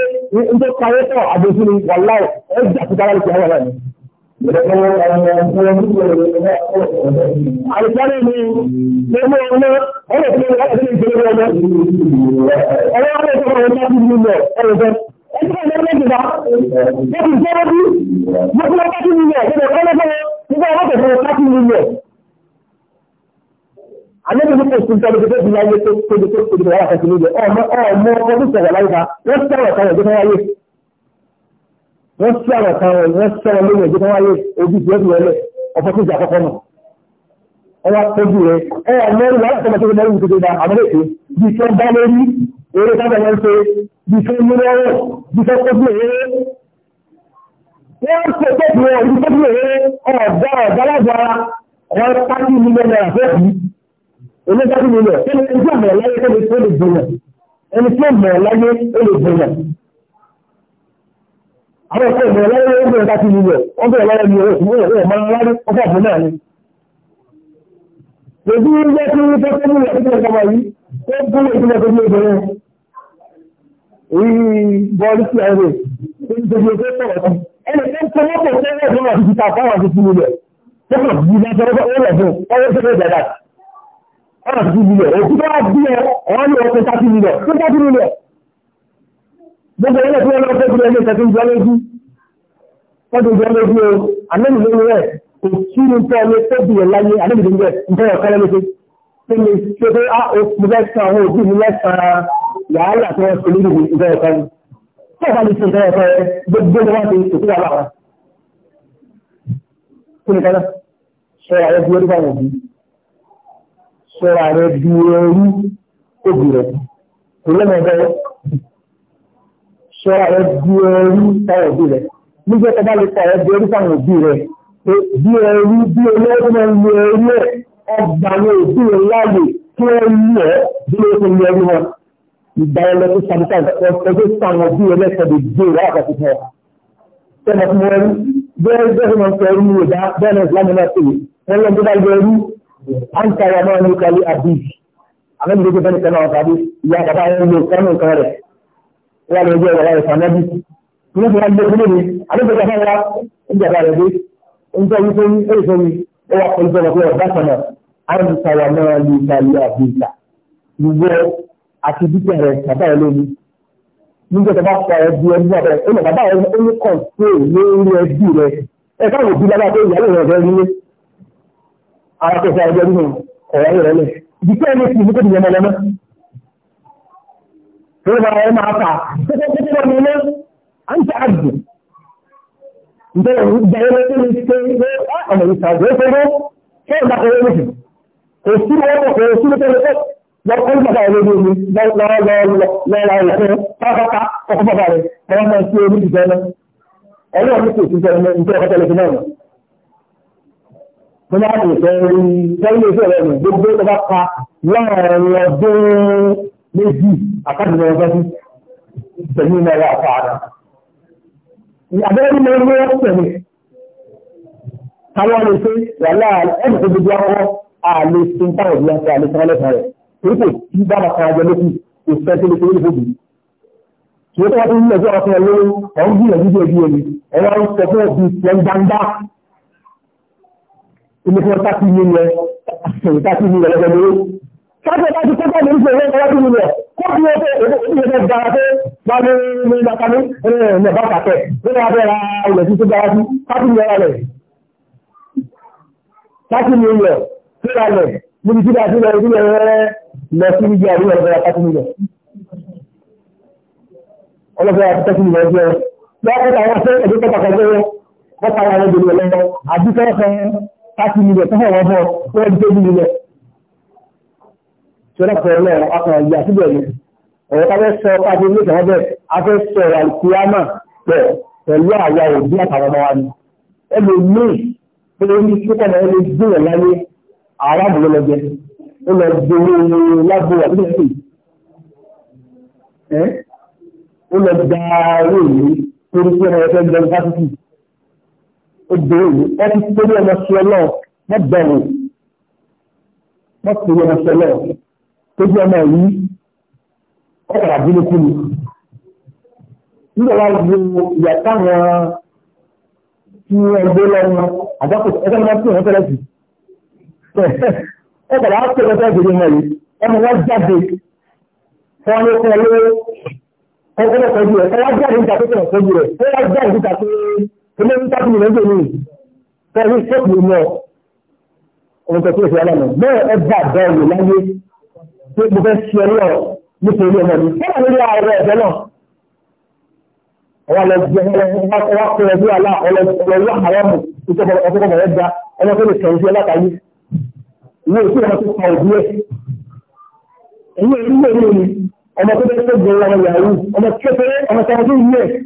n tó parí tọ̀ àbòsí ni wà láì ẹ̀ jà sí kára lóṣù àwọn ọ̀rẹ́ Àlùfáàní ni gbogbo ọmọ ọ̀rẹ́ tí wọ́n ti ń gbé ọmọ ọ̀rẹ́ ọ̀rẹ́ tí wọ́n ti ń gbé ọmọ ọ̀rẹ́ ẹgbẹ́ ìlẹ́gbẹ́ ìjọba lóbi ìjọba bí mo fi lọ́kọ́ sí nílẹ̀ ẹgbẹ́ ìkọ́lẹ́gbẹ́ nígbà wọ́n tẹ̀sán láti nílẹ̀ alẹ́bí ní kò sí sọ́dọ̀ tó tóbi láyé tó tóbi tó tóbi tó wà láti ní ilẹ̀ ọmọ ọmọ ọdún sọ̀rọ̀ láyé ta wọ́n sọ̀rọ̀ kan ẹ̀jẹ̀ kan wáyé wọ́n sọ̀rọ̀ kan wọ́n sọ̀rọ̀ lórí ẹ̀jẹ̀ kan wáyé ojú ìjọ ìjọ ẹlẹ̀ ọ̀pọ̀ tó jẹ́ àkọ́kọ́ nù. ọwọ́ tóbi rẹ ẹ ọmọrí wàhálà tó máa tó mẹ́rin tó a àwọn èké bí i tó ń bá lórí eré sábà yẹn ṣe bí i tó ń múlẹ̀ ọ̀rọ̀ bí i tó tóbi rẹ wọ́n ṣe tóbi onígbàdí mi lọ ẹni tí ó mọ̀ láyé ẹni tí ó lè dènà ẹni tí ó mọ̀ láyé ó lè dènà. àwọn ọ̀pọ̀ ìmọ̀ láyé ó bẹ̀rẹ̀ láti mi lọ wọ́n bẹ̀rẹ̀ láyé mi ò mọ̀ ọ̀ mọ̀ láyé ọkọ̀ àbọ̀ náà ni. lèbi ilé tí wọ́n fẹ́ fún mi àti ìjọba yìí ó gún ìdílé tó ní obìnrin. èyí bọ́ọ̀lù sí ẹ̀rọ ẹni tó ń sọ àti ìlẹ̀ òkú tó wà bí ẹ ọ̀rọ̀ ní ọkọ̀ tàbí ìlẹ̀ tó tàbí ìlẹ̀ gbogbo ẹlẹ́ tó lọ́pẹ́ tó lẹ́lẹ́ tẹ̀sí ìjọ lójú tọ́jú ìjọ o anẹ́mì lórí rẹ̀ kò sí ní tọ́ ní tóbi ẹ̀ láyé anẹ́mì lórí rẹ̀ sọ́ra rẹ̀ di ẹrú òbí rẹ̀ kò lẹ́nu ọ̀dọ́ rẹ̀ sọ́ra rẹ̀ di ẹrú táwọn òbí rẹ̀ nígbà tó bá lè pa ẹbí ẹrú táwọn òbí rẹ̀ pé bí ẹrú bí olóògùn náà lu ẹrú ẹ̀ ọgbà ní òbí rẹ̀ láàyè kí wọ́n lù ẹ́ bí ó ti lu ẹrú wọn ìgbà ẹlẹ́tí sàmìtà ẹgbẹ́ sàmì òbí rẹ̀ lè gbé ìwà àkàtì fún ọ bẹ́ẹ̀ ni wọ́n fẹ́ rú ìwé bẹ́ẹ̀ ni ìsìlámù náà ṣe wọ́n lọ́n tó bá lọ rú anta wa maluka li abiki àwọn ìdíje fẹ́ni kan náà tàbí ìyá bàbá ẹni ló kánú nǹkan rẹ̀ wà lójú ọ̀rọ̀ rẹ̀ sànẹ́bí tí wọ́n fi wọ́n gbé fún mi àlejòjá fẹ́ wá oúnjẹ bá rẹ̀ dé oúnjẹ yìí fún mi èyí fún mi ó wà pẹ̀lú ìjọba pé ọ̀dà kan náà àǹtà wà náà lè ta ilé àti ìta gbogbo àti dúkìá rẹ̀ bàbá ẹ̀ lómi nígbà tó bá fọ ẹ di ẹbí rẹ̀ ó lọ bàbá ẹ̀ ó ní kọ̀ǹtì lórí ẹbí rẹ̀ ẹ̀ káwọn òbí lábá pé ìyàwó rẹ̀ rẹ̀ nílé ara tó sọ ọjọ́ nínú ọ̀rọ̀ ayé rẹ̀ lẹ̀. Ìdí tí ẹni tí ìfúkú ìyẹn mọ̀lẹ́mọ́. Tó bá wọn máa fà kékeré wọn nílé, à ń tẹ àgbè. Ǹjẹ́ ìjẹ́yẹ lọ́sẹ̀ mi ṣe ṣe ah, ọ̀nà ìṣàgbé fẹ́rẹ́ ṣé ìgbà kan lórí jù. Kò sí wọn kò kò sí lókè lókè lọ́wọ́ kọ́ bàbá rẹ̀ lórí omi lọ́wọ́lọ́wọ́ lọ́wọ́ pátápátá ọkọ̀ bàbá rẹ̀ lọ́wọ́ máa ń ṣe orí ìjọ náà. Ọlọ́run ní kò sí ìjọ náà ní tó bá lè fẹ́ rí lẹ́yìn iṣẹ́ rẹ̀ nù gbogbo tó bá pa láàrin ọdún méjì àkàtúntò ọjọ́ sí pẹ̀lú náírà àfààrà. Àbẹ́rẹ́ mi ló ń pẹ̀lú táwọn lè ṣe wà láàrin ẹ̀mí tó gbogbo ọkọ̀ àlè tó ń táwọn ìlú àti àlè tó wọ́n lẹ́sàn rẹ̀. Èyí kò tí bá bàtà ọjọ́ lókù kò fẹ́ tó lè ṣe é lóbi. Ṣé tó wá tó ń lọ sí ilé fún ọtá kìí nílẹ̀ ọtá kìí nílẹ̀ lọ́gbẹ̀ lórí. sáfẹ́ bá ti kọ́kọ́ lórí fún ọwọ́ kìí nílẹ̀ kó bí ó fẹ́ ìwé fẹ́ gbára pé wà ní ní bàtà ní ẹ̀rọ bá kàtẹ́ lórí abẹ́ ra ilẹ̀ tí tó gbára sí káàkiri ní ọ̀rọ̀ rẹ̀. káàkiri ní ilẹ̀ tó ra lẹ̀ níbi tí láti lọ ìdílé rẹ̀ lọ sí ibi àríwá ọ̀rọ̀ rẹ̀ káàkiri nílẹ̀. ọlọ́fẹ́ àti káàkiri nílẹ̀ jẹ́ lọ́kọ̀ọ́ láti ilẹ̀ tó fẹ́ fọ́ wọ́n tó bí ilẹ̀. Ṣọ́lá pẹ̀lú ọ̀rọ̀ akọ̀rọ̀ ìyá síbẹ̀ ni. Ọ̀rọ̀ ká fẹ́ sọ káàkiri ilé ìtàn bẹ́ẹ̀, a fẹ́ sọ àìkúyámà pẹ̀ pẹ̀lú àwa òbí àtàwọn ọmọ wa ni. Ẹ lè pé ní kíkọ́ náà lè gbìyà láyé àárá lọ jẹ. Ó lọ gbowó lágbo àbúrò sí. Ó lọ gba owó torí pé ọmọ ẹgbẹ́ jẹun fásitì obìnrin ẹ ti torí ọmọ sí ọlọ́ọ̀ wọ́n bẹ̀rù wọ́n torí ọmọ sí ọlọ́ọ̀ tójú ọmọ yìí ọ̀kadà bínú kú ni. nígbà wá wo ìyá táwọn tí wọ́n gbé lọ́wọ́ àjọpọ̀ ẹgbẹ́ wọn tí wọ́n tẹ́lẹ̀ sí. ọ̀kadà á tẹ̀lé ọjọ́ ìdílé wọn yìí ọmọ wọn jáde fún ọmọ fún ọlọ́wọ́ ọgbọ́n ọ̀kọ́jú rẹ̀ ọwọ́ jáde níta tó tẹ̀ ọ̀kọ́jú rẹ̀ ọwọ́ jáde níta tó ilé ń tábìlì méjì ní tẹ́rí sẹ́kù mọ́ ọmọ tẹ̀kọ́ ìfẹ́ aláàmọ̀ bẹ́ẹ̀ ẹ bá bẹ́ẹ̀ láyé pé mo fẹ́ ṣe ẹlọ́ nítorí ọmọ mi fẹ́rẹ̀ lórí ààrẹ ẹ̀fẹ́ náà ọwọ́ lọ́jọ́ ọwọ́ pẹ̀lú ẹgbẹ́ alá ọlọ́wọ́ àrọ́mù ìjọba ọkọ̀ ọ̀rẹ́ gba ọmọ tó lè kẹ̀yìn sí ọlátayé ìwé ìṣúra ọmọ tó kọ̀ ọ̀dú ẹ̀ ìwé ìwé ìwé ọmọ tó lè ṣe gbọ́n ọmọ yahoo ọmọ kékeré ọmọ tó ń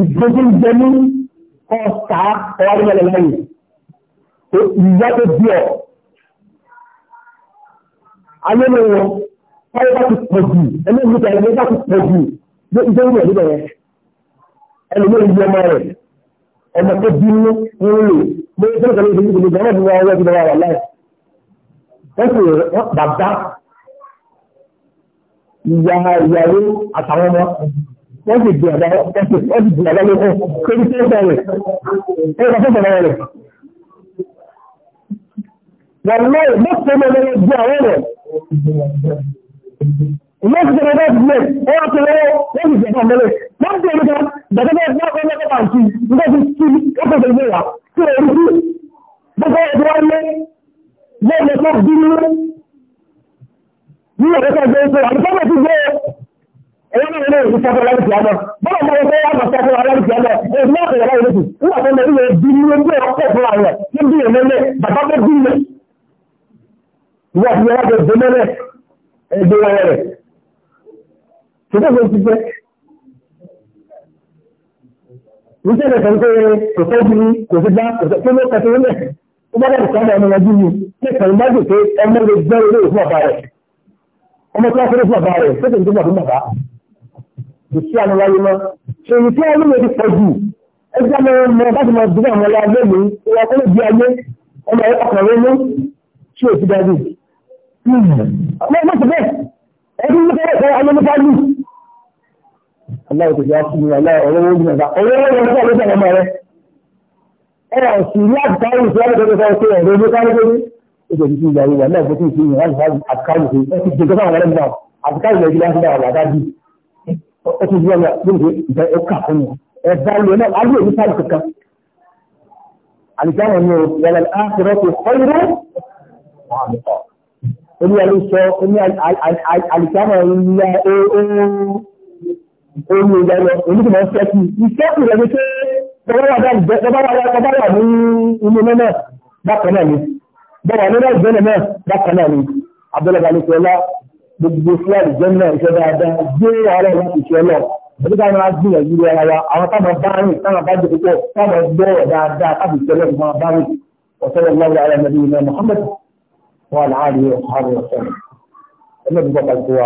ìgbésí ń jẹ ní ọ̀sà ọ̀rẹ́lẹ̀ lẹ́yìn ìyá tó bí ọ̀ ayélu wọn ọ̀rẹ́ bá ti pọ̀ jù ẹni ìgbésí ẹni bá ti pọ̀ jù ló ń jẹ́ ìwé níbẹ̀ yẹn ẹni ló ń yí ọmọ rẹ̀ ọmọ tó bí ní ń lò ló ń tẹ́lẹ̀ tẹ́lẹ̀ ìdílé ìdílé ọmọ ìdílé ọwọ́ ìdílé wà láì wọ́n sì bàbá ìyá ìyàwó àtàwọn ọmọ wọ́n sì di àdá wọ́n sì di àdá lókun kébí tí ó sọ rẹ̀ ẹ kọ́ sọ̀rọ̀ rẹ̀. Wàlúwẹ̀ bó ṣe mọ̀ lọ́wọ́ di àwọn rẹ̀. Ìyá ti sọ̀rọ̀ bá tilẹ̀ ẹ wá ti lọ́wọ́ wọ́n sì jẹ̀ka mọ́lẹ̀. Wọ́n ti ẹ̀mí kan bàtà bá ọgbọ́n ọgbọ́n ọgbọ́n àti nígbà tí kí ó kọ̀ ìjọba bọ́ọ̀ mọ́ ẹgbẹ́ yà bọ̀ sọ́kọ́ ọlọ́run ìjọba èmi àti ìyàrá ìlú nígbà tó lórí ẹ̀ bí ní ojú ọkọ̀ fún àwọn níbi ìrẹ́lẹ̀ bàbá tó bí mi. ìwọ àti ìyàrá bẹ̀ dé mẹ́rẹ̀ ẹgbẹ́ wọn rẹ̀. ṣùgbọ́n mo ti jẹ́ níṣẹ́ ìrẹsẹ̀ ń pé kò fẹ́ bí kò fi gbá kò fẹ́ ló kẹsẹ̀ nílẹ̀ ó bá dàbí sọ́mọ ọmọ ọdún mi ṣé kàrí má dùn pé ọmọ rẹ̀ gbẹ́ ilé ìfún bàbá rẹ̀ ọmọ tó wá fẹ́rẹ́ fún bàbá rẹ̀ ṣé kò ní tó bàbá kò sí àwọn wáyé mọ́ ṣèyí tí wọ́n lè pọ̀ jù ẹgbẹ́ mọ́ mọ́ láti mọ́ bí àwọn ọlá ẹgbẹ́ mi ìwà tó lè di ayé ọmọ ọkùnrin mú tí ò ti dájú. ọmọ ọmọ ti bẹ́ẹ̀ ẹbí ní kẹ́rẹ́ kẹ́rẹ́ ayé nípa lù. aláwọ̀ tòjú àti ìwà aláwọ̀ ọ̀rọ̀ wọn ní ọ̀gá ọ̀rọ̀ wọn ní ọ̀gá ọ̀rọ̀ ọmọ rẹ̀. ẹ ọ̀ sì ní àtàwọn ìṣẹ́lẹ̀ tó kẹ́kẹ́ ọ̀rọ̀ ọ̀rọ̀ ọ̀rọ̀ ọ̀rọ̀ ọ̀rọ̀ ìjọ ìdíjú ìyàwó wà náà bó ti ń fi ìyàn láti àtàkàwé àtàkàwé ìjọba àwọn ọlọ́mọdé àtàkàwé ìjọba àwọn àdájú ẹtù ìdílé ọmọ gbòǹgbò ìbẹ ọkà fún mi ẹ̀dá ilé náà alẹ́ òní sáré kankan àlìjáwọ̀ ni o yàrá àkùrọ̀ tó kọ́lé oní ẹni sọ oní àlìjáwọ̀ ni ya oní ìyá lọ oní tó máa ń fẹ́ẹ́ kí iṣẹ́ kù rẹ̀ ni pé bọ́lá wà ní inú náà bákan náà ni bọ́lá wà ní náà ìgbẹ́ náà bákan náà ni abẹ́lẹ́ balẹ̀ gbogbo fúlàdì jẹ́nà ìṣẹ́ dáadáa gbé ara ẹ̀ láti ṣe lọ. Ẹbí táwọn máa gbìyànjú ara wa, àwọn táwọn bá rìn, táwọn bá jẹ púpọ̀, táwọn gbọ́rọ̀ dáadáa, tábì tẹ́lẹ̀ máa bá rìn. Ọ̀sẹ̀rẹ̀ lọ́wọ́ ara ẹ̀mẹ́bí ilẹ̀ Mùhàmmad wà láàárín ọ̀hárẹ̀ ọ̀sẹ̀rẹ̀. Ẹlẹ́bí bọ́